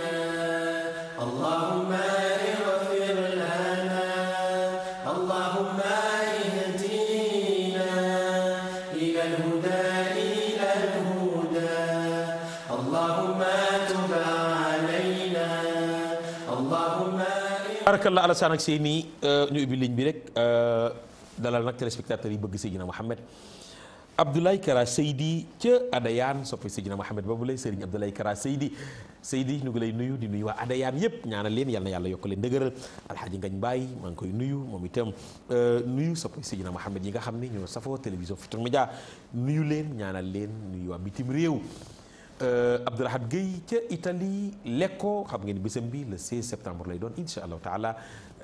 tabarakallah Alassane ak Seyni euh, ñu ubbi ligne bi rek euh, dalal nag téléspectateurs yi bëgg Seydina Mohamed Abdoulaye Kara Seydi ca Adayaan soppi Seydina Mohamed boobu lay Serigne Abdoulaye Kara Seydi Seydi ñu ngi lay nuyu di nuyu waa Adayaan yëpp ñaanal leen yal na yàlla yokk leen dëgëral Alxaaji Ngañ Mbaay maa ngi koy nuyu moom itam euh, nuyu soppi Seydina Mohamed yi nga xam ne ñoo safoo télévision Futurs Médias nuyu leen ñaanal leen nuyu waa bitim réew. Euh, Abdourahad Gueye ca Italie Lecco xam ngeen bisam bi le 16 septembre lay doon incha allahu taala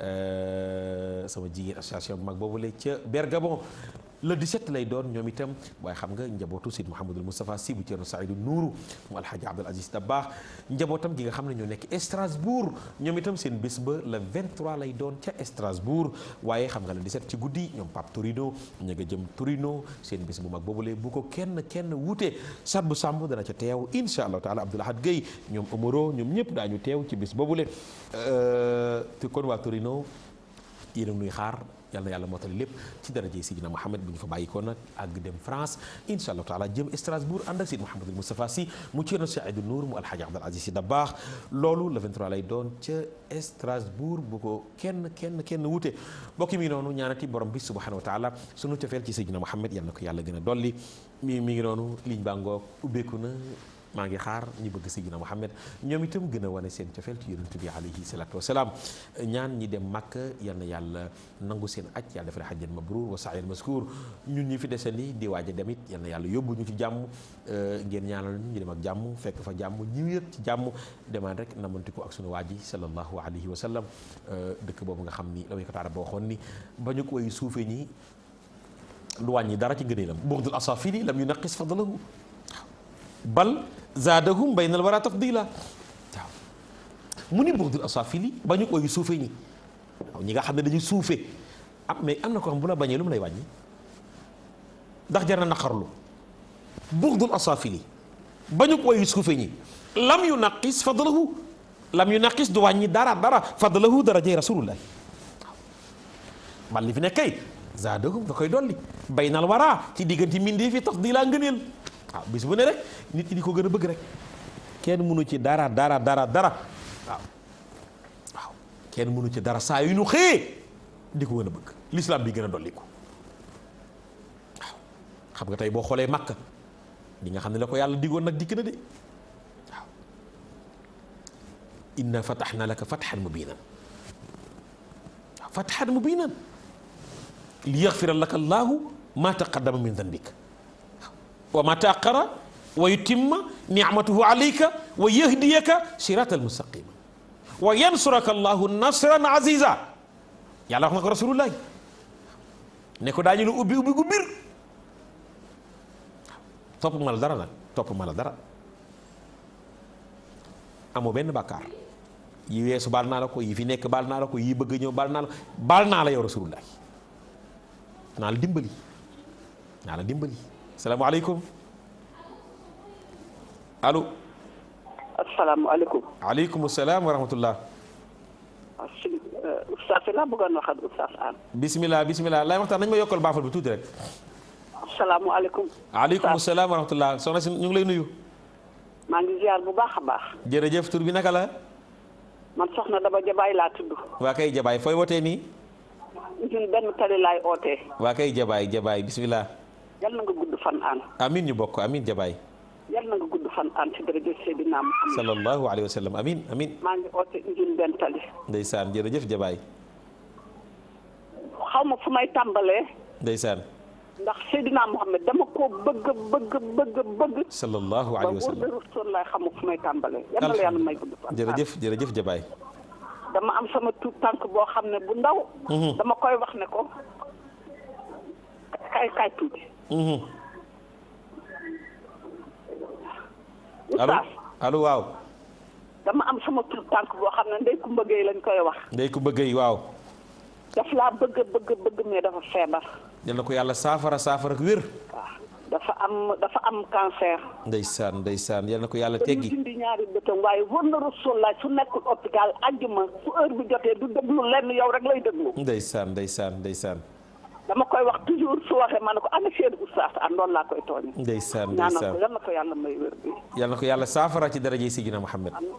euh, sama jigéen association bu mag boobu la ca Bergamo le 17 lay doon ñoom itam waaye xam nga njabootu Seydi Mouhamadul Moustapha Sy bu Thierno Saïdou Nourou mu Alhaji Abdoul Aziz Dabakh njabootam gi nga xam ne ñoo nekk Strasbourg ñoom itam seen bis ba le 23 lay doon ca Strasbourg waaye xam nga le 17 ci guddi ñoom Pape Torino ña nga jëm Torino seen bés bu mag lee bu ko kenn kenn wuute Sadbu Samb dana ca teew incha allah taala Abdoul Ahad Gueye ñoom Omoro ñoom ñëpp ñu teew ci bés boobu euh, te kon waa Torino yéen a xaar. yal na yàlla mootali lépp ci daraje Sidina Mohamed bu ñu fa bàyyikoo nag ak dem France incha allahu taala jëm Strasbourg ànd ak Sidi Mouhamadul Moustapha Sy mu Ceerno Seydou mu Alxaaji Abdul Aziz Sy Dabaax loolu le 23 lay doon ca Strasbourg bu ko kenn kenn kenn wuute mbokki mi noonu ñaanati borom bi subhanahu wa taala sunu cofeel ci Sidina Mohamed yal na ko yàlla gën a dolli mi mi ngi noonu liñ baa ubbeeku na maa ngi xaar ñi bëgg Seydina Muhammad ñoom itam gën a wane seen cofeel ci yonent bi alayhi salaatu wasalaam ñaan ñi dem Makka yal na yàlla nangu seen aj yàlla defal xajjan mabruur wa sa'yan maskuur ñun ñi fi dese ni di waaj a dem yal na yàlla yóbbu ñu ci jàmm eh, ngeen ñaanal ñu dem ak jàmm fekk fa jàmm ñëw ci jàmm demaat rek namantiku ak suñu waa ji sallallahu alayhi wa sallam eh, dëkk boobu nga xam ni la way ko taara ba waxoon ni ba ñu ko way suufee ñi lu wàññi dara ci ngëneelam bughdul asafili lam yu naqis fadlahu bal zaadahum baynal wara tafdila waaw mu ni buxdul asafili bañu ooyu suufe ñi ñi nga xam ne dañuy suufe am mais am na ko xam bu la bañee lu mu lay wàññi ndax jar na naqarlu buxdul asafili bañu ooyu suufe ñi lam yu naqis fadlahu lam yu naqis du wàññi dara dara fadlahu darajay rasulullahi waaw man li fi nekk kay zaadahum da koy dolli baynal wara ci diggante mbindee fi tafdila ngëneel waaw bis bu ne rek nit ñi di ko gën a bëgg rek kenn mënu ci dara dara dara dara waaw kenn mënu ci dara saa yu ñu xëyee di ko gën a bëgg l'islam bi gën a dolliku waaw xam nga tey boo xoolee Makka di nga xam ne la ko yàlla digoon nag dikk na de waaw inna fataxna laka fatxan mubinan fatxan mubinan li yaxfira laka allahu ma taqaddama min danbik wa ma taaqara wa yutimma nicmatuhu alayka wa yahdiyaka sirata almustaqima wa yansuraka allahu nasran aziza yàlla wax na ko rasulullahi ne ko la ubbi ubbi topp ma dara nag topp ma dara amoo benn bàkkaar yi weesu bal naa la ko yi fi nekk baal naa la ko yi bëgg ñëw baal naa la baal naa naa la dimbali naa la dimbali salaamaaleykum allo. asalaamaaleykum. waaleykum salaam wa rahmatullah. Oustaz ah. laa bëggoon wax lay waxtaan nañu ma yokkal baafal bi tuuti rek. asalaamualeykum. waaleykum salaam wa rahmatullah soxna si ñu ngi lay nuyu. maa ngi ziar bu baax a baax. jërëjëf tur bi naka la. man soxna Daba Jabaay laa tudd. waa kay Jabaay fooy wootee nii. ñun benn tali laay ootee. waa kay Jabaay Jabaay bisimilah. yal na nga gudd fan aan amin ñu bokk amin jabaay yal na nga gudd fan aan ci daraja Seydina Muhammad sallallahu alayhi wa sallam amin amin maa ngi oote njun benn tali ndeysaan jërëjëf jabaay xaw ma fu may tàmbalee ndeysaan ndax Seydina Muhammad dama koo bëgg bëgg bëgg bëgg sallallahu alayhi wa sallam ba wóor rasulullah xamu fu may tàmbalee yal na la yàlla may gudd fan jërëjëf jërëjëf jabaay dama am sama tuut tànk boo xam ne bu ndaw mhm. dama koy wax ne ko kay kay tuuti Mhm. allo allo waaw. dama am sama tur tànk boo xam ne ndey ku mbëggee lañ koy wax. ndey ku mbëggee waaw. daf laa bëgg bëgg bëgg mais dafa feebar. yal na ko yàlla saafara saafara wér. dafa am dafa am cancer. ndeysaan ndeysaan yal na ko yàlla teggi. dañuy dindi ñaari bëtam waaye war dama koy wax toujours su waxee ne ko ana seen oustaz an loolu laa koy tooñ ndeysaan ndeysaan ko yal yàlla yal na ko yàlla saafara ci daraje Sidina Muhammad amin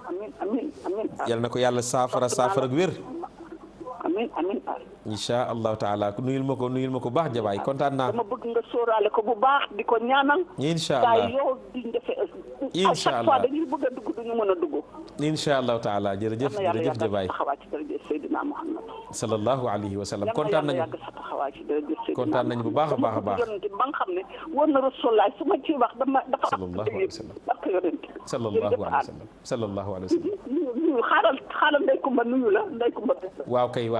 amin amin yal na ko yàlla saafara saafara ak wér amin amin incha taala nuyul ma ma ko baax jabaay kontaan naa dama bëgg nga sóoraale ko bu baax di ko ñaanal incha taala jërëjëf jërëjëf sallallahu alayhi wa sallam kontaan nañu kontaan nañu bu baax a baax a baax. ba nga xam ne war na rasulaay su ma ci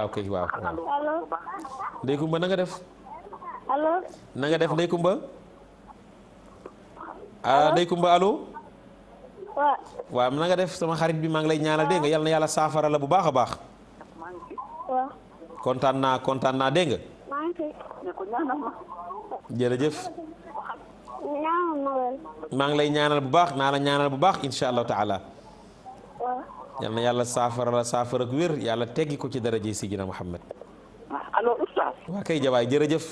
wax Kumba nanga def. allo. def Ndeye Kumba. allo Ndeye Kumba allo. waaw. waaw def sama xarit bi maa ngi lay ñaanal dégg nga yal na yàlla saafara la bu baax a baax. kontaan naa kontaan naa dégg nga. jërëjëf. maa ngi lay ñaanal bu baax naa la ñaanal bu baax incha allahu taala. na yàlla saafara la saafara ak wér yàlla teggi ko ci daraja Sidina Muhammad. Ah, waa kay jabaay jërëjëf.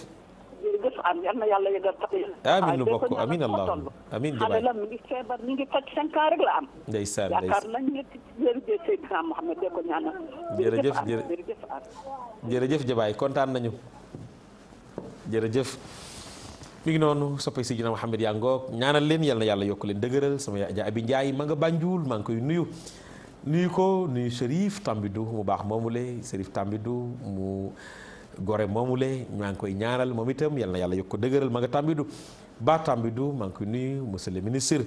lu bokk amiin allahumma amiin jërëjëf Seydina kontaan nañu jërëjëf mi ngi noonu soppay Seydina Mohamed yaa ngoog ñaanal leen yal na yàlla yokk leen dëgëral sama yaay Abi Ndiaye ma nga Banjul maa ngi koy nuyu nuyu ko nuyu Chérif Tambidou mu baax moomule Chérif Tambidou mu gore moomule maa ngi koy ñaanal moom itam yal na yàlla yokk ko dëgëral ma nga Tambidou ba Tambidou maa ngi koy nuyu monsieur le ministre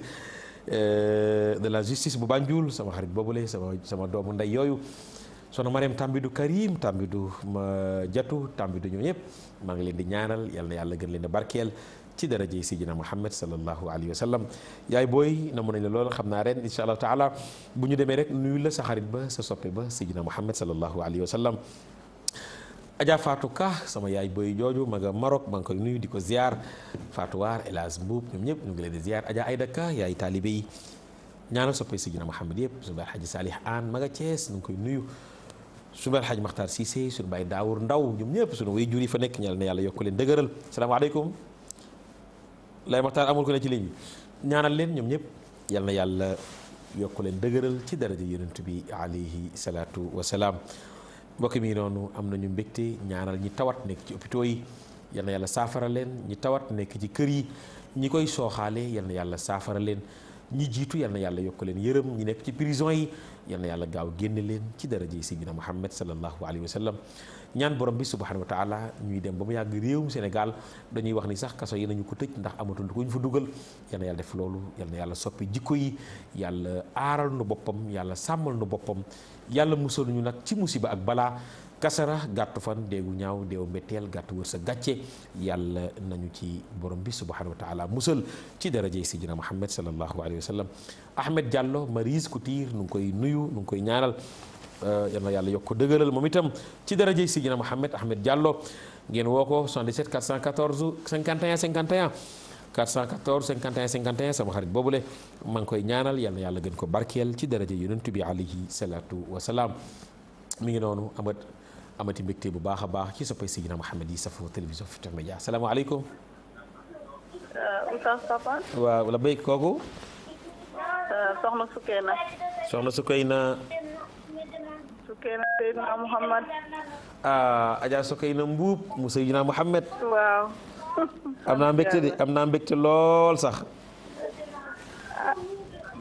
euh, de la justice bu Banjul sama xarit boobule sama sama doomu ndey yooyu soxna Mariam Tambidou Karim Tambidou ma jatu Tambidou ñoo ñëpp maa ngi leen di ñaanal yal na yàlla gën leen a barkeel ci daraje sidina Muhammad sallallahu alayhi wa sallam yaay booy namu nañ la lool xam naa ren incha allah taala bu ñu demee rek nuyu la sa xarit ba sa soppe ba sidina Muhammad sallallahu alayhi wa sallam Adja Fatou Ka sama yaay boy jooju ma nga Maroc maa koy nuyu di ko ziar Fatou Waar El Hadj Mbuub ñoom ñëpp ñu ngi leen di ziar Adja Ayda Ka yaay taalibe yi ñaanal soppay Sidina Muhammad yëpp suñu baay Alxaji Saalih Aan ma nga Cees ñu ngi koy nuyu suñu baay Alxaji Maxtaar Cissé suñu baay Daawur Ndaw ñoom ñëpp suñu way jur fa nekk ñal na yàlla yokk leen dëgëral salaamaaleykum lay Maxtaar amul ko ne ci ligne bi ñaanal leen ñoom ñëpp yal na yàlla yokk leen dëgëral ci daraja yonent bi alayhi salaatu wa salaam mbokk mi noonu am nañu mbégte ñaanal ñi tawat nekk ci hôpitaux yi yal na yàlla saafara leen ñi tawat nekk ci kër yi ñi koy sooxaale yal na yàlla saafara leen ñi jiitu yal na yàlla yokk leen yërëm ñi nekk ci prison yi yal na yàlla gaaw génne leen ci daraje Seydina Muhammad sallallahu alayhi wa sallam ñaan borom bi subhanahu wa taala ñuy dem ba mu yàgg réewum Sénégal dañuy wax ni sax kaso yi nañu ko tëj ndax amatul ko ñu fa dugal yal na yàlla def loolu yal yàlla soppi jikko yi yàlla aaral nu boppam yàlla sàmmal nu boppam yàlla musal ñu nag ci musiba ak balaa kasara gàttu fan déegu ñaaw déew mbetteel gàtt wër sa gàcce yàlla nañu ci borom bi subhanahu wa taala musal ci darajey sidina Muhammad sallallahu alayhi wa sallam Ahmed Diallo Marise Couture nu ngi koy nuyu nu ngi koy ñaanal euh, yal na yàlla yokk ko dëgëral moom itam ci darajey sidina Muhammad Ahmed Diallo ngeen woo ko 77 414 51 51 414 51 51 sama xarit boobule maa ngi koy ñaanal yal na yàlla ko barkeel ci daraja yonent bi alayhi salaatu ngi noonu amat amati mbégte bu baax a baax ci soppay Seydina Mouhamed yi safo télévision Futurs Médias asalaamaaleykum. Euh, oustaz Papa. waaw la béy kooku. Euh, Soxna Sukeyna. Soxna Sukeyna. Sukeyna Seydina Mouhamed. ah Adja Sukeyna Mbuub mu Seydina Mouhamed. waaw. am na mbégte de am naa mbégte lool sax. Ah,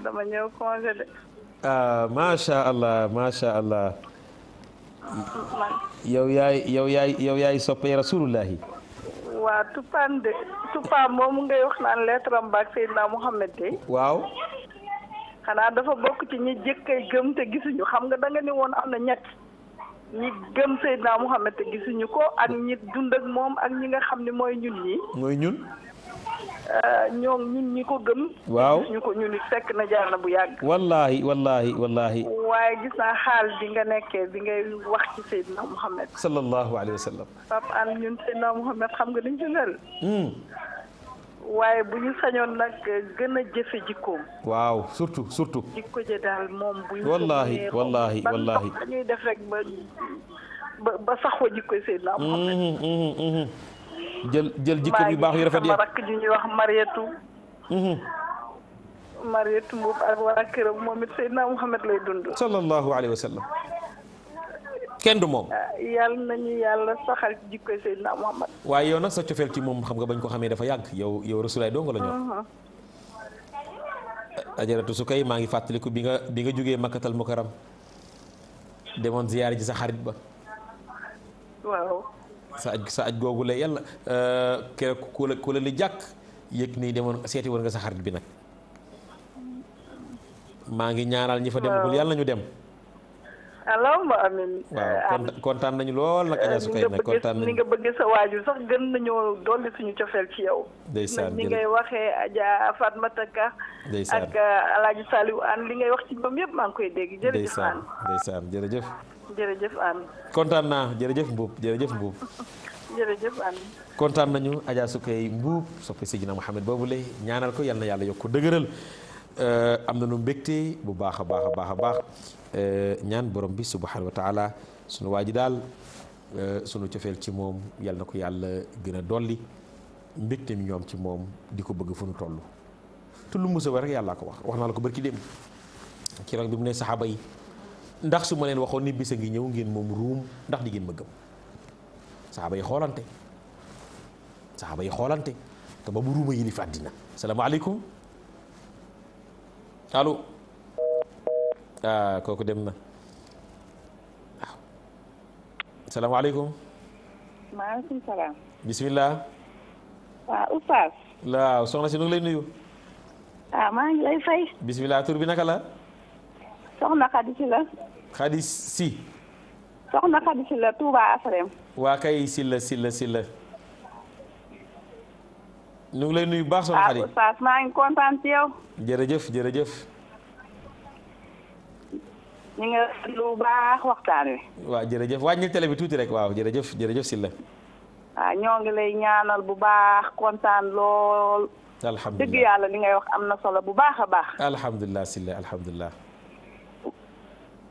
dama ñëw congé de. ah macha allah macha allah. yow yaay yow yaay yow yaay soppe rasulullahi. waaw Tupaan de Tupaan moomu ngay wax naan lettre am baak Seydina Muhammad de. waaw. xanaa dafa bokk ci ñi jëkkay gëm te gisuñu xam nga danga ni woon am na ñett. ñi gëm Seydina Mouhamed te gisuñu ko ak ñi dund moom ak ñi nga xam ne mooy ñun yi mooy ñun. Euh, ñoom ñun ñi ko gëm. waaw ñu ko ñu fekk na jaar na bu yàgg. wallahi wallahi wallahi waaye gis naa xaal bi nga nekkee bi ngay wax ci Seydina Mouhamed. sallallahu alayhi wa sallam. Pape An ñun Seydina Mouhamed xam nga liñ ci waaye bu ñu sañoon nag gën a jëfe jikkoom. waaw surtout surtout. jikko ji daal moom bu ñu. wallaahi wallaahi wallaahi ban ñuy def rek ba ba ba saxoo jikko Seydina Muhammad. Mm-hmm, mm-hmm, mm-hmm. jël jël jikko yu baax yu rafet yi maa ngi sama rakk ju ak waa moom it Seydina Muhammad lay dund. sallallahu alayhi wa sallam. kenn du moom. Ah, yàlla nañu yàlla saxal ci jikko Seydina Muhammad. waaye yow nag sa cofeel ci moom xam nga bañ ko xamee dafa yàgg yow yow rasulaay dong la ñor. Uh-huh. Ah, ajaratu su kay maa ngi fàttaliku bi nga bi nga jógee makkatal mukaram demoon ziyaar ji sa xarit ba. waaw. sa aj sa aj googu yàlla ah, keroog ku la ku la li jàkk yëg nii demoon seeti woon nga sa xarit bi nag. maa ngi ñaanal ñi fa demagul yàlla ñu dem. allahumma amin waaw eh, kontaan nañu lool nag Adja eh, Soukeyna nga bëgg sa waajur sax gën nañoo dolli suñu cofeel ci yow ndeysaan ni ngay waxee Adja Fatmata Ka ndeysaan ak eh, Alaaji Saliou Anne li ngay wax jërëjëf Anne jërëjëf jërëjëf kontaan naa jërëjëf Mbuub jërëjëf Mbuub *laughs* jërëjëf Anne kontaan nañu Adja boobu lay ñaanal ko yal na yàlla yokk ko dëgëral am na lu mbégte bu baax a baax a baax a baax Eh, ñaan borom bi subhanahu wa taala sunu waa ji daal eh, sunu cofeel ci moom yal na ko yàlla gën a dolli mbégte mi ñoom ci moom di ko bëgg fu nu toll te lu musa ba yàllaa ko wax wax naa la ko barki dem keroog bi mu ne saxaaba yi ndax su ma leen waxoon ni bisa ngi ñëw ngeen moom ruum ndax di ngeen ma gëm saxaaba yi xoolante saxaaba yi xoolante te ba bu ruuma yilif àddina salaamaaleykum allo ah kooku dem na waaw. salaamaaleykum. maaleykum salaam. bisimilah. waaw Oustaz. waaw soxna si nu ngi lay nuyu. ah maa ngi lay fay. bisimilah tur bi naka la. soxna Khady si la. Khady si. soxna Khady si la Touba Afrem. waa kay si la si la si la. nu ngi lay nuyu baax soxna ah, Khady. ah Oustaz maa ngi kontaan ci yow. jërëjëf jërëjëf. ñu ngi lu baax waxtaan wi. waaw jërëjëf wàññil télé rek waaw jërëjëf jërëjëf Sylla. ah ñoo ngi lay ñaanal bu baax kontaan lool. alhamdulilah dëgg yàlla li ngay wax am na solo bu baax a baax. alhamdulilah Sylla alhamdulilah.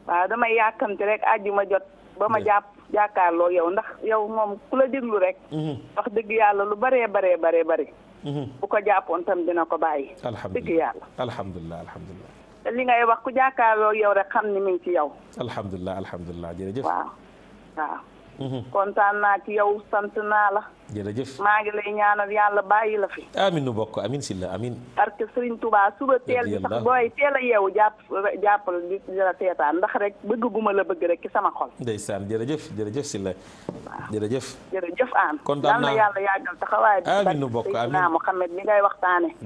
waaw damay yàkkamti rek ma jot. ba ma jàpp jàkkaarloo yow ndax yow moom ku la déglu rek. Mm-hmm. wax dëgg yàlla lu baree baree baree bari. Mm-hmm. bu ko jàppoon tam dina ko bàyyi. alhamdulilah dëgg yàlla alhamdulilah alhamdulilah. li ngay wax ku jàkkaarloo yow rek xam ni mi ci yow. alhamdulilah alhamdulilah jërëjëf waaw waaw. Mhm. kontaan naa ci yow sant naa la. jërëjëf maa ngi lay ñaanal yàlla bàyyi la fi. amin nu bokk amin si la amin. parce que Serigne suba teel bi sax booy teel a yeewu jàpp jàppal di la ndax rek bëgg la bëgg rek ci sama xol. ndeysaan jërëjëf jërëjëf si la. waaw jërëjëf. jërëjëf aan kontaan naa yàlla bokk amin naa Mouhamed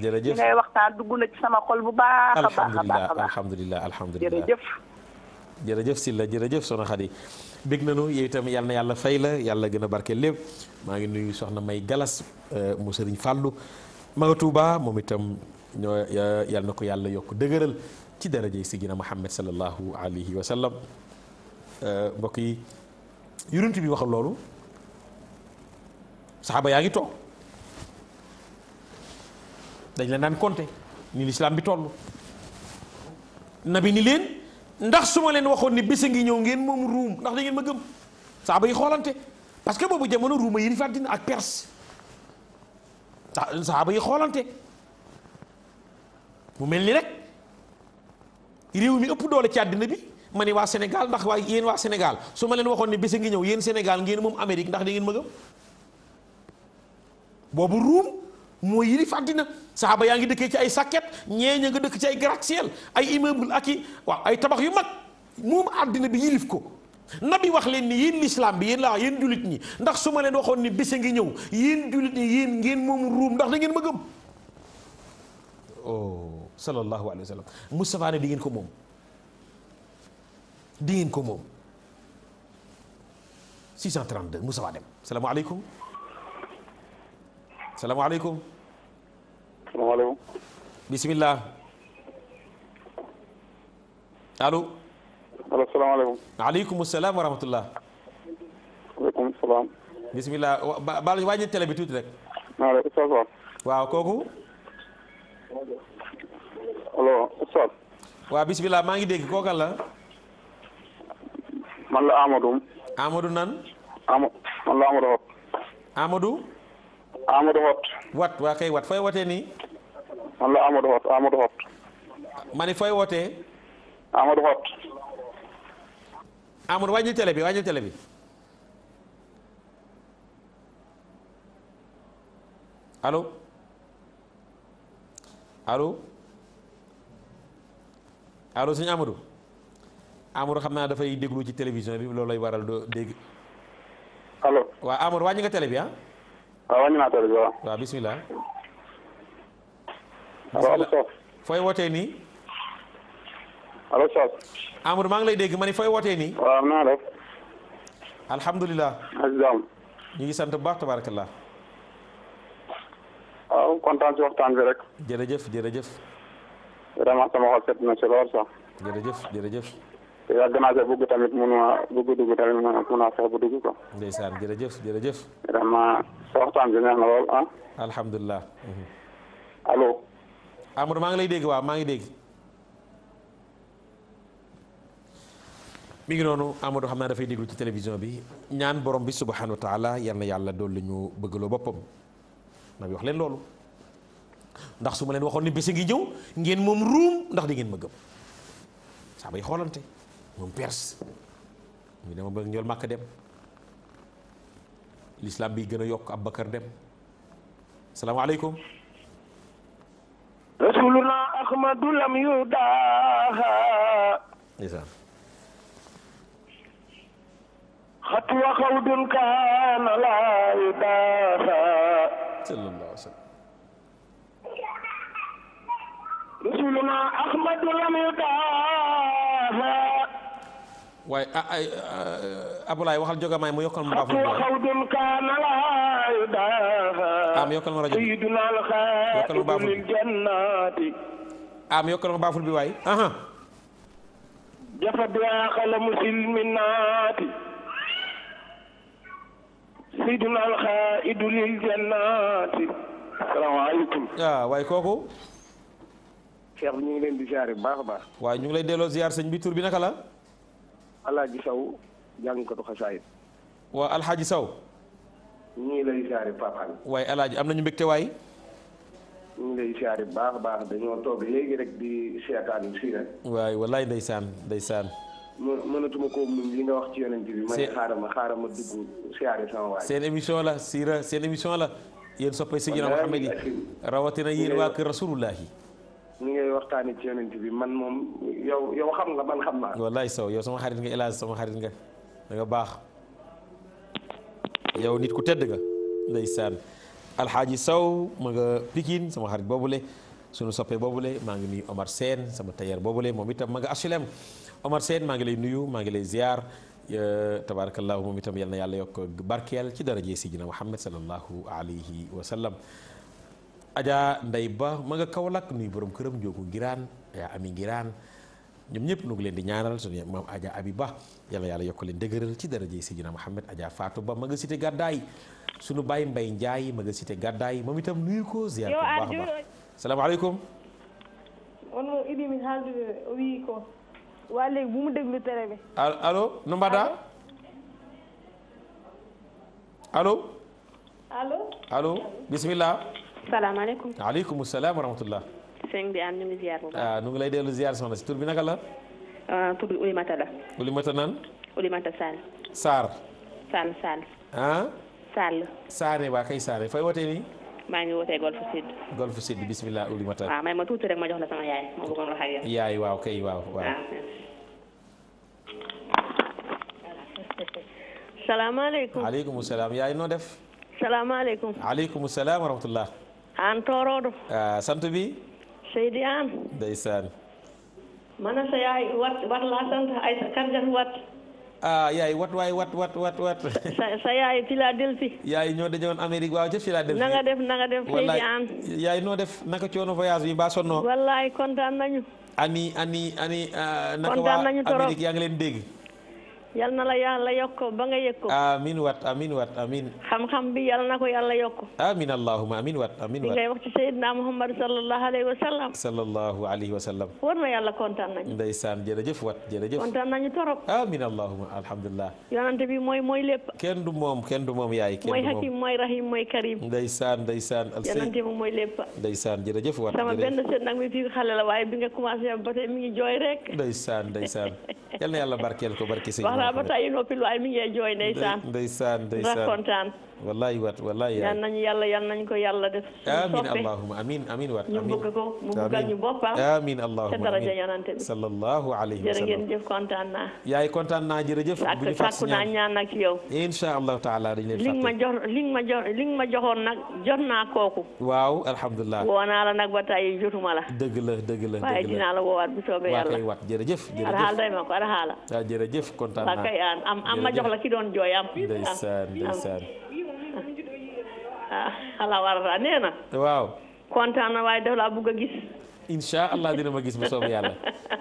jërëjëf waxtaan dugg na sama xol bu baax a baax a baax alhamdulilah alhamdulilah jërëjëf. jërëjëf si la jërëjëf soxna Xadi bég nañu yow itam yal na yàlla fay la yàlla gën a barke lépp maa ngi nuyu soxna May Galas euh, mu sëriñ Fàllu ma nga Tuuba moom itam ñoo yal ko yàlla yokk dëgëral ci darajey Seydina Muhammad sallallahu alayhi wa sallam euh, mbokk yi yonent bi waxal loolu saxaaba yaa ngi toog dañ la naan compter ni lislaam bi toll nabi ni leen ndax su ma leen waxoon ni bés ngi ñëw ngeen moom ruum ndax da ngeen ma gëm saaba yi xoolante parce que boobu jamono ruuma yi fi àddina ak perse saaba yi xoolante mu mel ni rek réew mi ëpp doole ci àddina bi ma ne waa Sénégal ndax waa yéen waa Sénégal su ma leen waxoon ni bés ngi ñëw yéen Sénégal ngeen moom Amérique ndax da ngeen ma gëm boobu ruum. moo yilif àddina saxaaba yaa ngi dëkkee ci ay sàkket ñee ña nga dëkk ci ay gratte-ciel ay immeuble ak waaw ay tabax yu mag moom àddina bi yilif ko nabi wax leen ni yéen lislaam bi yéen laa wax yéen jullit ñi ndax su ma leen waxoon ni bés a ngi ñëw yéen jullit ñi yéen ngeen moom ruum ndax da ngeen ma gëm oh sallallahu alayhi wa sallam ne di ngeen ko moom di ngeen ko moom 632 Moustapha dem salaamaaleykum salaamaaleykum. salaamaaleykum. bisimilah. allo. allo salaamaaleykum. maaleykum salaam wa rahmatullah. maaleykum salaam. bisimilah ba baal wàññi télé bi tuuti rek. maaleykum waaw kooku. allo Oustaz. waaw bisimilah maa ngi dégg kooka la. man la Amadou. Amadou nan. Ama man la Amadou. Amadou. Amadou Hott. wat waa kay wat fooy wootee nii. man la Amadou Hott Amadou Hott. bi wàññi tele bi. allo allo allo sëñ Amadou. Amadou xam naa dafay déglu ci télévision bi loolu lay waral doo dégg. allo waaw Amadou wàññi nga télé bi ah. waaw animateur bi waaw. waaw bisimilah. waaw fooy wootee nii. allo maa ngi lay dégg ma ni fooy wootee nii. waaw naa def. alhamdulilah. asalaam. ñu ngi sant bu baax tabarakallah. waaw kontaan ci waxtaan bi rek. jërëjëf jërëjëf. vraiment sama xol set na ci lool sax. jërëjëf jërëjëf. te yàgg naa a bëgg bu dugg ko ndeysaan jërëjëf jërëjëf vraiment sa waxtaan bi na lool ah alhamdulilah mhm. allo maa ngi lay dégg waaw maa ngi dégg mi ngi noonu Amadou xam naa dafay déglu ci télévision bi ñaan borom bi subhanahu wa taala na yàlla dool lu ñu bëggaloo boppam na bi wax leen loolu ndax su ma leen waxoon ni bés a ngi ñëw ngeen moom ruum ndax di ngeen ma gëm saa xoolante ñoom perse ñu dama bëgg ñool màkk dem l'islam bi gën a yokk Abubakar dem salaamaaleykum rasuluna ahmadu rasuluna ahmadu lam yu daaha waaye ay Abdoulaye waxal jogamaay mu yokkal ma baaful bu am yokkal bi yokkal ma baaful bi am yokkal ma baaful bi waay aha jafa kooku Cheikh ñu ngi leen di ziar bu baax a baax waaye ñu ngi lay delloo ziar sëñ bi tur bi naka la alaaji saw jàngkatu xasaayit waa alxaaji saw ñii lay siyaare Pape waaye alaaji am nañu mbégte waay ñu ngi lay siyaare bu baax baax dañoo toog léegi rek di seetaan si rek. waaye wallaay ndeysaan ndeysaan. më mënatuma koo mun li wax ci yonent bi. may xaaral ma xaaral ma dugg siyaare sama seen émission la siira seen émission la yéen soppay Sidina yi rawatina yéen waa kër yi. ñu waxtaanee ci man moom yow yow xam nga man xam naa. Sow yow sama xarit nga sama xarit nga da baax yow nit ku tedd nga ndeysaan Alxaaji Sow ma nga Pikine sama xarit boobule sunu soppee boobule maa ngi nuyu Omar Sène sama tailleur boobule moom itam ma nga HLM Omar Sène maa ngi lay nuyu maa ngi lay ziar tabarakallahu moom itam yal na yàlla yokk barkeel ci daraje Sidina Muhammad sallallahu alayhi wa sallam Adja Ndey Ba ma nga Kaolack nuy boroom këram Njoogu Ngiraan yaa eh, ami Ngiraan ñoom ñëpp nu ngi leen di ñaanal suñu maam Adja Abi Ba yàlla yàlla yokk leen dëgëral ci daraje Seydina Mohamed Adja Fatou Ba ma nga cité gàddaay suñu Baye Mbay Njaay ma nga cité gàddaay moom itam nuyu ko ziar ko baax a baax salaamaaleykum ono iɗimi haaldude salaamaaleykum. waaleykum salaam wa rahmatullah. sëñ bi am ñu ngi ziar bu baax. ah ñu ngi lay dellu ziar soxna si tur bi naka la. Ah, tur bi Oulimata la. Oulimata nan. Oulimata Sall. Saar. Sall Sall. ah. Sall. Saane waa kay Saane fay wootee nii. maa ngi wootee Golf Sud. Golf Sud bisimilah Oulimata. waaw ah, may ma tuuti rek ma jox la sama yaay ma bëggoon wax ak yow. yaay waaw kay waaw ah, waaw. *laughs* salaamaaleykum. waaleykum salaam yaay noo def. salaamaaleykum. waaleykum salaam wa rahmatullah. an toroɗo a ah, bi seydi an ndeysaan mana so yahay wat watla santa aysa karjat wat a yaay wat wawi ah, wat wat wat wat so yahay philadelphie yaay ñoo dañoon amérique wawa jef philadelphie naga def naga def seydi yaay no def naka coono voyage wi mba sonno wallahi kontaan nañu ani ani ani ah, naka waa amérique yaa ngi leen dégg yal na la yàlla yokk ko ba nga yëg ko. amiin wat amiin wat amiin. xam-xam bi yal na ko yàlla yokk. amiin allahumma amiin wat amiin wat. li ngay wax ci Seydina Muhammad sallallahu alayhi wa sallam. sallallahu alayhi wa sallam. war na yàlla kontaan nañu. ndeysaan jërëjëf wat jërëjëf. kontaan nañu torop. amiin allahumma alhamdulilah. yonante bi mooy mooy lépp. kenn du moom kenn du moom yaay. kenn du moom mooy hakim mooy rahim mooy karim. ndeysaan ndeysaan. al yonante bi mooy lépp. ndeysaan jërëjëf wat. sama benn sët nag mi fi xale la waaye bi nga commencé ba tey mi ngi jooy rek. ndeysaan ndeysaan *laughs* yal na yàlla barkeel ko barke sëñ naa ba tey noppi waaye mi ngi e jooy ndeysaan ndeysaan ndeysaan kontaan wallaay wat wallaay yal nañu yàlla yal nañu ko yàlla def. amiin allahumma amiin amiin wat amiin ñu bëgg ko mu bëggal ñu boppam. amiin allahumma amiin te daraja yonante bi. sallallahu alayhi wa sallam jërë ngeen jëf kontaan naa. yaay kontaan naa jërëjëf. bu ñu fàttali naa ñaan ak yow. incha allahu taala dañu leen fàttali. li nga ma jox li nga ma jox li nga ma joxoon nag jot naa kooku. waaw alhamdulilah. woo naa la nag ba tey jotuma la. dëgg la dëgg la dëgg la waaye dinaa la woowaat bu soobee yàlla. waa kay wat jërëjëf. araxaal day ma ko araxaala. jërëjëf kontaan naa. waa kay am am ma jox la ki doon jooy am. ndeysaan ndeysaan *laughs* waaw kontaan waaye daf laa bugg a gis incha allah dina ma gis bu soobee yàlla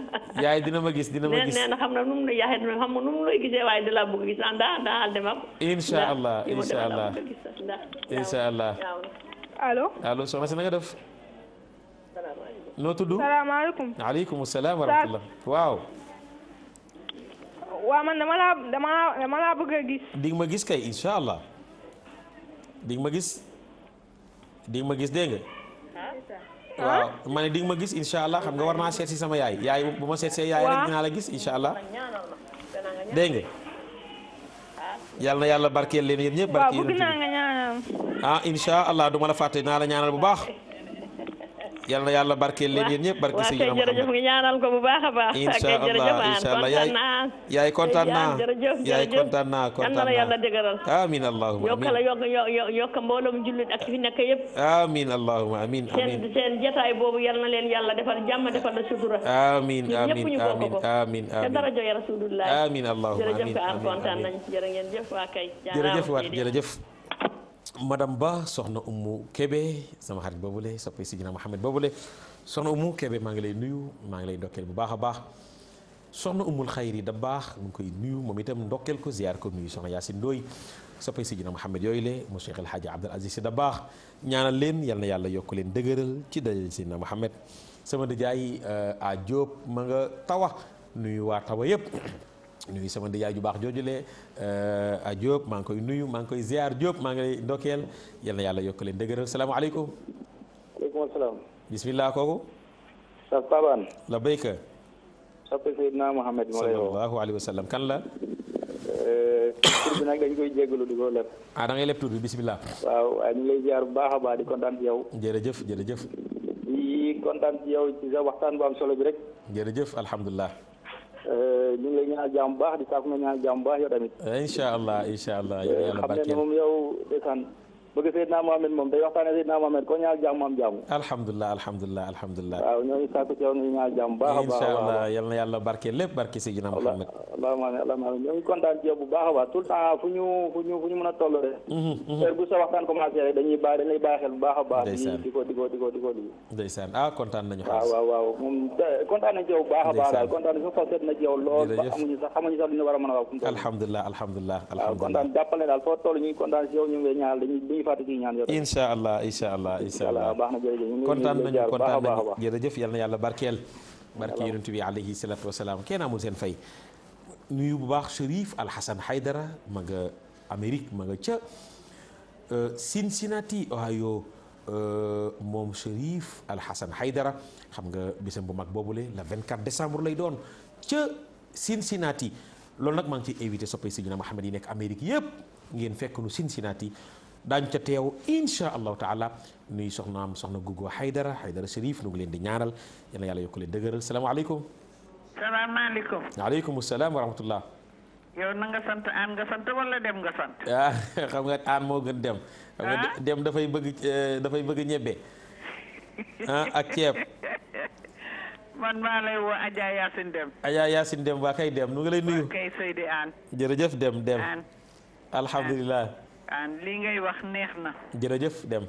*laughs* yaay dina ma gis dina ma gis nee na xam na nu mu la yaay xam na nu waaw waaw dama laa dama gis dig ma gis kay incha di ma gis di ma gis dégg nga. waaw ma ne di ma gis incha allah xam nga war naa seet si sama yaay yaay bu ma seet see yaay rek dinaa la gis incha allah dégg nga. yàlla na yàlla barkeel leen yéen ñëpp. barkeel waaw bëgg naa nga ñaanal. ah incha allah du ma la fàtte naa la ñaanal bu baax. yal na yàlla barkeel leen yéen ñëpp barke Seydina Muhammad jërëjëf nga ñaanal ko bu baax a baax incha allah incha allah yaay yaay kontaan naa yaay kontaan naa kontaan naa la yàlla dëgëral amin allahuma yokkal yokk yokk mbooloom jullit ak fi nekk yëpp amin allahuma amin seen seen jotaay boobu yal na leen yàlla defal jàmm defal la sutura amin amin amin amin amin daraja ya rasulullah amin allahuma amin jërëjëf kontaan nañ jërë ngeen jëf waa kay jërëjëf waat jërëjëf madame Ba soxna Umu Kebe sama xarit boobule soppay Sidina Mohamed boobule soxna Umu Kebe maa ngi lay nuyu maa ngi lay ndokkeel bu baax a baax soxna Umul Xayri da baax mu ngi koy nuyu moom itam ndokkeel ko ziar ko nuyu soxna Yaasin Ndooy soppay Sidina Mohamed yooyu le mu Cheikh El Hadji Abdul Aziz Si da baax ñaanal leen yal na yàlla yokk leen dëgëral ci dajal Sidina Mohamed sama dëjaay euh, a Jóob ma nga tawa nuyu waa tawa yëpp nuyu sama ndiyaay ju baax joojule euh, a Diop maa ngi koy nuyu maa ngi koy ziar Diop maa nga lay ndokkeel yal na yàlla yokk leen dëgëral salaamaaleykum. waaleykum la béykat. soppe Seydina Mohamed moo lay kan la. Euh, *coughs* tur bi nag koy jégalu di ko leb. ah da ngay leb waaw a yow. jërëjëf kontaan yow waxtaan bu am solo bi rek. jërëjëf alhamdulilah. Euh, ñu ngi lay ñaan jàmm baax di sàkku nga ñaan jàmm baax yow tamit. incha allah incha allah yow euh, yàlla barkeel xam ne moom yow desaan bëgg Seydina Mohamed moom day waxtaane Seydina Mohamed ko ñaal jàmm am jàmm alhamdulilah alhamdulilah alhamdulilah waaw ñoo ngi sàkku ci yow ngi a a mhm, mhm. a a a ba amuñu sax xamuñu sax lu ñu war a mën a wax alhamdulilah alhamdulilah alhamdulilah kontaan jàppale daal foo toll ñu ngi kontaan ci ñuy incha allah incha allah incha allah baax na jërëjëf kontaan yal na yàlla barkeel barke yonent bi alayhi salaatu wasalaam kenn amul seen fay bu baax Chérif Alhasan Haydara ma nga ma ca euh, Cincinnati Ohio euh, moom Chérif Alhasan Haydara xam nga bisam bu mag boobu le 24 décembre lay doon ca Cincinnati loolu nag maa ngi ciy invité soppay Seydina Mouhamed yi nekk Amérique yëpp ngeen fekk nu Cincinnati daañ ca teew insha allahu taala nuy soxna am soxna Gugu Haydara Haydara Sharif nu ngi leen di ñaanal yal na yàlla yokk leen dëgëral salaamaaleykum salaamaaleykum waaleykum salaam wa yow na nga sant aan nga sant wala dem nga sant *laughs* ah, aan moo gën dem ah? dafay bëgg eh, bëgg ñebbe ah, ak ceeb *laughs* man maa lay woo Adja Yacine Dem Adja Yacine Dem waa kay dem nu nga lay nuyu jërëjëf dem dem alhamdulilah an lii ngay wax neex na. jërëjëf dem.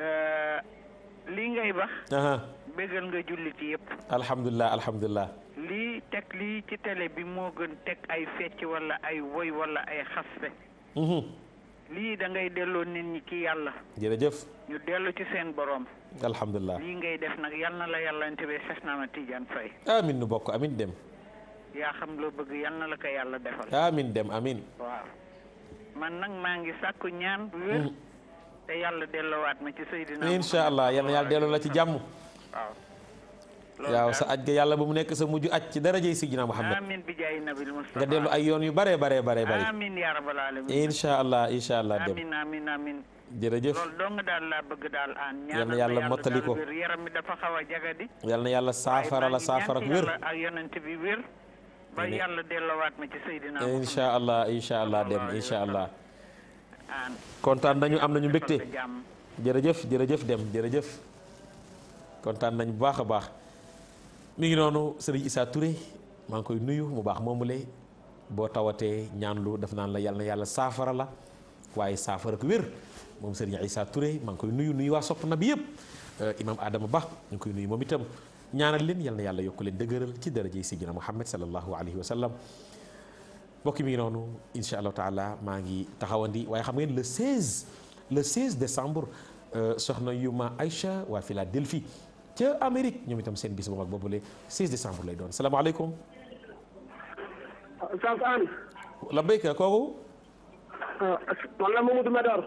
Euh, lii ngay wax. bégal nga jullit yëpp. alhamdulilah alhamdulilah. lii teg lii ci tele bi moo gën teg ay fecc walla ay woy walla ay xaste. Mhm. lii da delloo nit ñi ci yàlla. jërëjëf. ñu dellu ci seen borom. alhamdulilah lii ngay def nag yal na la yàlla ntebe Cheikh Naama Tidiane Faye. amiin nu bokk amiin dem. yaa xam loo bëgg yal na la ko yàlla defal. amiin dem amiin. man nag maa ngi sàkku ñaan. wér mm. te yàlla dellowaat ma ci Seydina. incha allah yal na yàlla delloo la ci jàmm. waaw. sa aj ga yàlla ba mu nekk sa mujj aj ci darajay Seydina Muhammad. amiin nga dellu ay yoon yu bare bare bare bare. amiin allah incha allah dem amiin amiin amiin. jërëjëf loolu dong daal laa bëgg daal aan yal na yàlla mottali ko yaram mi dafa xaw a jagadi. yal na yàlla saafara la saafara ak wér. ak yonent bi wér. ba yàlla delloowaat ma ci allah incha allah dem incha allah kontaan nañu am nañu mbégte jërëjëf jërëjëf dem jërëjëf kontaan nañ bu baax a baax mi ngi noonu Serigne Issa Touré maa ngi koy nuyu mu baax moomule boo tawatee ñaanlu daf naan la yàlla yàlla saafara la waaye saafara ku wér moom Serigne Issa Touré maa ngi koy nuyu nuyu waa sopp na bi yëpp euh, imam Adama Ba ñu koy nuyu moom itam ñaanal leen yal na yàlla yokk leen dëgëral ci daraje Sayyidina Muhammad sallallahu alayhi wa sallam mbokk mi noonu incha allahu taala maa ngi taxawandi waaye xam ngeen le 16 le 16 décembre euh, soxna Yuma Aïcha waa Philadelphie ca Amérique ñoom itam seen bis bu mag boobule 16 décembre lay doon salaamaaleykum. Oustaz euh, Anne. la béykat kooku. Euh, man la Mamadou Medor.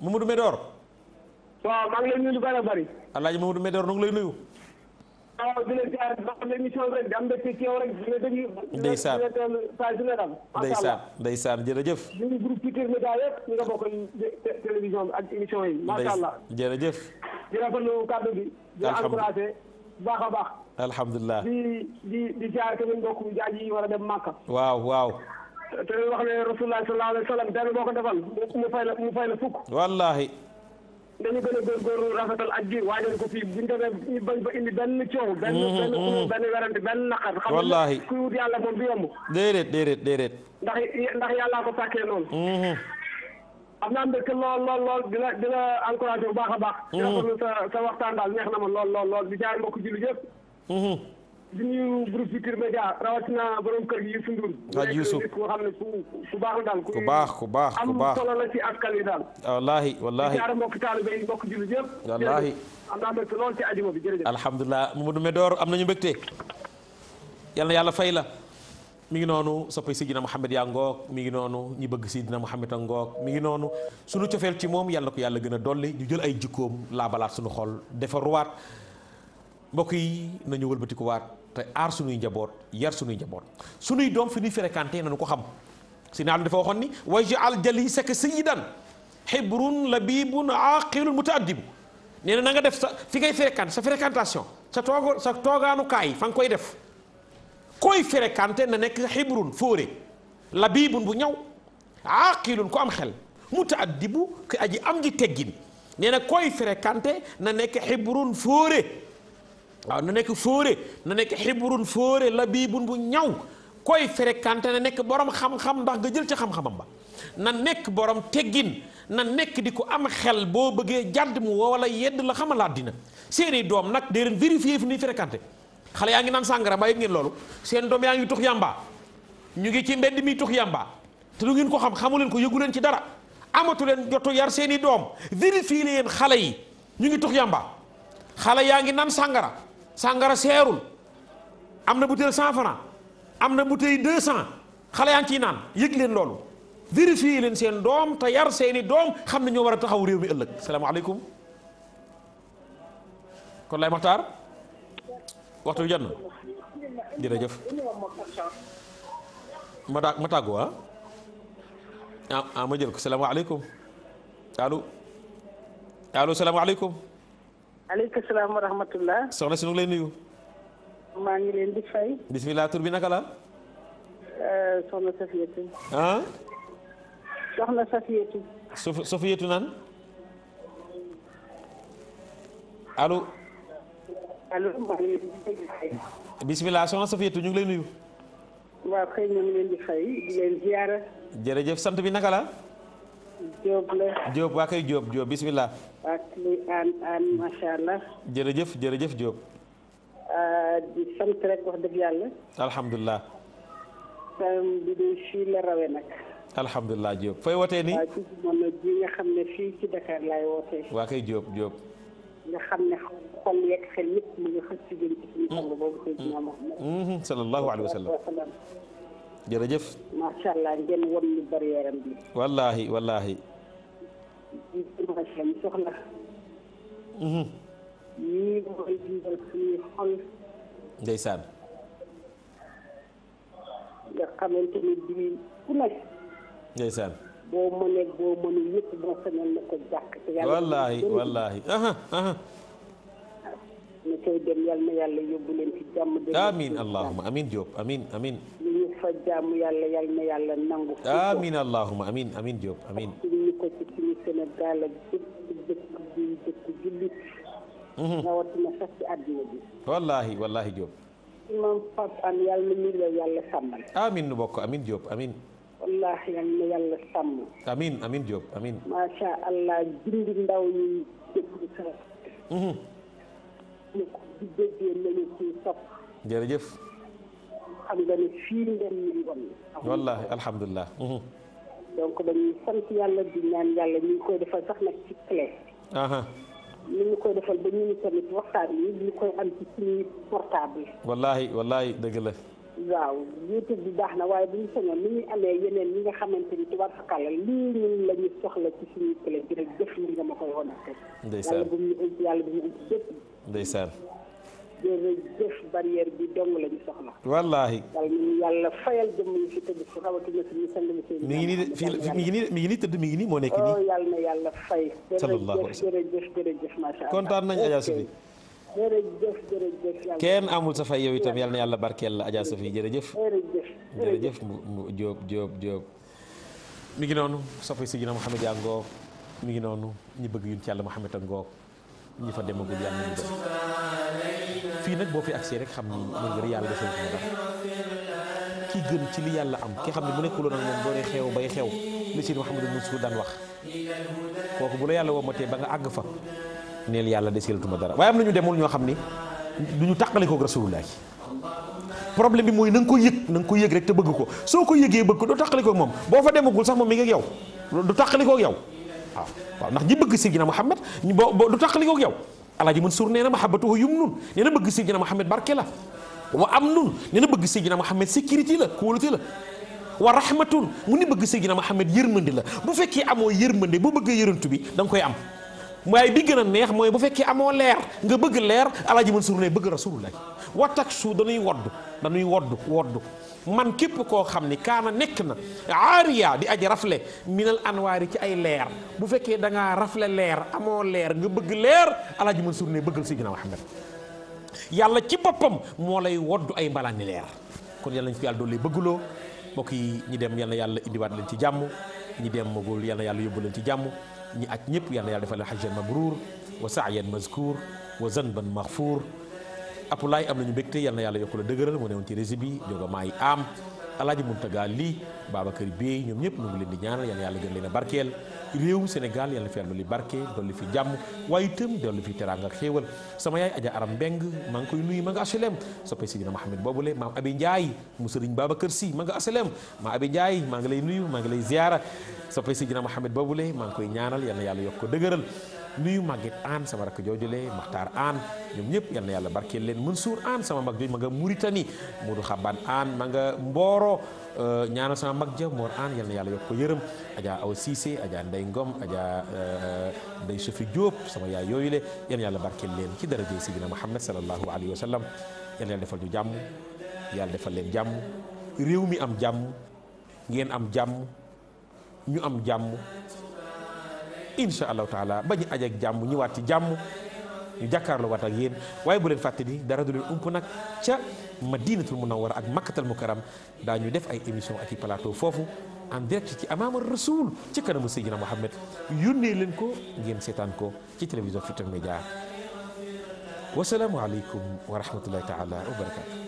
Mamadou Medor. waaw maa ngi lay nuyu lu bëri a bëri. Alaaji Mamadou Medor nu ngi lay nuyu. waaw di la ziar ndax l'émission rek am mbégte ci yow rek di la déglu. ndeysaan saa su ne daal. ndeysaan ndeysaan jërëjëf. ñun groupe Futurs Médias yëpp ñu nga bokk télévision yi. macha allah jërëjëf. di rafetlu kàddu gi. di encouragé baax a baax. alhamdulilah di di di ziar ke ñun mbokk a dem Màkka. waaw waaw. te wax ne Rasulullah sallallahu alayhi wa sallam dara boo ko defal mu fay la fukk. wallaahi. dañu a góorgóorlu rafetal ak gi waajal ba indi benn coow benn mm-hmm, benn xuloo mm-hmm. benn werante benn naqar xam wallaahi kuy wut yàlla moom du yomb déedéet déedéet ndax ndax yàllaa ko sàkkee noonu mm-hmm. am naa mbégte lool lool lool di la di bu baax a baax di rafetlu sa sa waxtaan daal neex na ma lool lool lool di jaay mbokk jullit yëpp di nuyu groupe Futurs Médias rawatina borom kër gi Youssou Ndour. Hadj ku xam ne ku baax la daal. ku baax ku baax ku baax am solo la ci askan daal. wallaahi wallaahi di jaaree yi mbokk jullit yëpp. wallaahi am naa mbégte lool ci ajuma bi jërëjëf. am nañu mbégte. yal yàlla fay la. mi ngi noonu soppay Sidina Muhammad yaa ngoog mi ngi noonu ñi bëgg Sidina Muhammad a ngoog mi ngi noonu suñu cofeel ci moom yàlla ko yàlla gën a dolli ñu jël ay jikkoom laabalaat suñu xol dafa ruwaat yi nañu wëlbatikuwaat te aar suñuy njaboot yar suñuy njaboot suñuy doom fi ñuy fréquenté nañu ko xam si naa dafa waxoon ni wa jaal jalisaka sayyidan xibrun labibun aqilun mutaaddibu nee na na nga def sa fi ngay fréquenté sa fréquentation sa toog sa toogaanukaay fa nga koy def koy fréquenté na nekk xibrun fóore labibun bu ñaw aqilun ku am xel mutaaddibu ku aji am ji teggin nee na koy fréquenté na nekk xibrun fóore waaw na nekk fóore na nekk xibrun fóore labibun bu ñaw koy fréquenté na nekk borom xam-xam ndax nga jël ca xam-xamam ba na nekk borom teggin na nekk di ko am xel boo bëggee jàdd mu woo wala yedd la xamalaat dina seeni doom nag dee leen vérifier fi ñuy fréquenté xale yaa ngi naan sàngara bàyyi ngeen loolu seen doom yaa ngi tux yàmbaa ñu ngi ci mbedd mii tux yàmbaa te lu ngeen ko xam xamu ko yëgu leen ci dara amatu leen jotu yar seeni doom vérifier leen xale yi ñu ngi tux yàmbaa xale yaa ngi naan sàngara sàngara seerul am na bouteille cent am na bouteille deux cent xale yaa ngi ciy naan yéeg leen loolu vérifier leen seen doom te yar seeni doom xam ne ñoo war a taxaw réew mi ëllëg salaamaaleykum kon lay maxtaar waxtu bi jërëjëf ma daa ma tàggu ah. ah ah ma jël ko salaamaaleykum allo allo salaamaaleykum aleykum salaam wa rahmatullah. soxna si nu ngi lay nuyu. maa ngi leen di fay. bismillah tur bi naka la. Euh, soxna Safiyatu. ah. soxna Safiyatu. Sof soxna Safiyatu ñu ngi lay nuyu. waaw xëy ñu ngi leen di fay di leen ziyaara. jërëjëf sant bi naka la. Diop la. Diop waa kay Diop Diop bisimilah. ak jërëjëf jërëjëf Diop. Ah, di sant rek wax dëgg yàlla. alhamdulilah. sam bi de fii la rawee nag. alhamdulilah Diop fooy wootee nii. waaw ci jamono ji ne fii ci Dakar laay wootee. waa kay Diop Diop. nga xam ne xol yeeg xel yëpp mu ngi xas ci jëm ci suñu sang boobu. Mm-hmm, sallallahu alayhi jërëjëf. macha allah ngeen won ñu bari bi. wallaahi wallaahi. ñu soxla. Mhm. ñii mooy dundal suñuy xol. ndeysaan. nga xamante ni bii ku nekk. ndeysaan. boo mënee boo mënee yëpp boo na ko jàkk. te yàlla wallaahi wallaahi. na dem yàlla na yàlla yóbbu leen ci fa jaamu yàlla yal na yàlla nangu. amiin allahumma amiin amiin Diop amiin. ñu ko ci suñu Sénégal ak bépp dëkk bi dëkk jullit. Mhm. rawatina sax ci àddina bi. wallaahi wallaahi Diop. imam Pape Hann yàlla na ñu la yàlla sàmmal. amiin nu bokk amiin Diop amiin. wallaahi yal na yàlla sàmm. amiin amiin Diop amiin. macha allah jindi ndaw ñi déglu sax. ñu mhm. ko déggee nañu ci sopp. jërëjëf. xam nga ne fii alhamdulilah. donc dañuy sant yàlla di yàlla ñu ngi koy defal sax nag ci clé. ñu koy defal ba ñu ngi tamit waxtaan yi ñu koy am ci suñu bi baax na waaye bu ñu sañoon ñu amee yeneen yi nga xamante ni tubaab fakala lii ñun la ñu soxla ci suñu clé bi rek def li nga ma koy wan ak. ndeysaan yàlla bu ñu yàlla bu ñu bépp. jërëjëf barrière bi dong lañu soxla. wallaahi. yàlla mi ngi nii de mi ngi nii tëdd mi ngi nii moo nekk nii. Oh, yàlla na yàlla fay. kontaan nañu Adja Sofi. kenn amul sa fay yow itam yàlla na yàlla barkeel la Adja Sofi jërëjëf. jërëjëf jërëjëf noonu soppi si ginnaaw Mouhamed Dia ngoog mi ngi noonu ñi bëgg yuñ ci yàlla Mouhamed ngoog ñi fa demagul yàlla dem fii nag boo fi agsee rek xam ni yàlla de ko ci li yàlla am ki xam ne mu nekkuloon ak moom boo dee xew bay xew li si Mouhamadou Mansour daan wax kooku bu la yàlla woomatee ba nga àgg fa neel yàlla deseelatuma dara waaye am na ñu demul ñoo xam ni du ñu tàqale koog rasulullah problème bi mooy na nga ko yëg na ko yëg rek te bëgg ko soo ko yëgee bëgg ko doo tàqale koog moom boo fa demagul sax moom mi ngi ak yow du tàqale koog yow. waaw waaw ndax ñi bëgg na Seydina Muhammad boo boo du tàqali koog yow Alaaji Mansuur nee na mahabbatuhu yumnun nee na bëgg Seydina Muhammad barke la wa amnun nee na bëgg Seydina Muhammad sécurité la kóolute la wa rahmatun mu ni bëgg na Seydina Muhammad yërmande la bu fekkee amoo yërmande boo bëggee yërëntu bi da koy am waaye bi gën a neex mooy bu fekkee amoo leer nga bëgg leer alaaji Mansuur ne bëgg rasulullah watak su dañuy wodd dañuy wodd wodd man képp koo xam ni kaana nekk na aariya di aji rafle minal anwaari ci ay leer bu fekkee da ngaa rafle leer amoo leer nga bëgg leer alaaji Mansuur ne bëggal Seydina Muhammad yàlla ci boppam moo lay wodd ay mbalaani leer kon yàlla nañu fi yàlla dolli bëgguloo mbokk yi ñi dem yal yàlla indiwaat leen ci jàmm ñi dem bool yal yàlla yóbbu leen ci jàmm ñi aj ñëpp yàlla yàlla defal la xajjan mabruur wa saayan mazkuur wa zanban maxfuur apulaay am nañu mbégte yàlla na yàlla yokku la dëgëral mu ne woon ci rési bi jóg a maay alaaji Muntaga lii Babacar Bey ñoom ñëpp ñu ngi leen di ñaanal yàlla yàlla gën leen a barkeel réewum Sénégal yàlla fi yàlla dolli barke dolli fi jàmm waaye itam dolli fi teraanga ak sama yaay Adja Aram Mbeng maa ngi koy nuyu ma nga HLM soppe Sidina Mahamed boobule maam Abi Ndiaye mu sëriñ Babacar Si ma nga HLM maam Abi Ndiaye maa ngi lay nuyu maa ngi lay ziyaara soppe Sidina Mahamed boobule maa ngi koy ñaanal yàlla yàlla yokk ko nuyu màgget aan sama rakk joojule Maxtaar aan ñoom ñëpp yal yàlla barkeel leen Mansour aan sama mag jooju ma nga Muritani Modou Xaban aan ma nga Mbooro euh, ñaanal sama mag ja Mor aan yal yàlla yokk yërëm ajaa Aw Cissé Adja Ndey Ngom Adja euh, Ndey Sofi Diop sama yaay yooyu le na yàlla barkeel leen ci daraje Sidina Muhammad sallallahu alayhi wa sallam yal na yàlla defal ñu jàmm yàlla defal leen jàmm réew mi am jàmm ngeen am jàmm ñu am jàmm incha allahu taala ba ñu aj ak jàmm ñëwaat ci jàmm ñu jàkkaarloo waat ak yéen waaye bu leen fàtte ni dara du leen ump nag ca madinatul munawwara ak makkatal daa ñu def ay émission ak i plateau foofu en direct ci amaama rasul ci kanamu Seydina Mohamed yónnee leen ko ngeen seetaan ko ci télévision Futurs Médias wasalaamualeykum wa rahmatullahi taala wa barakatu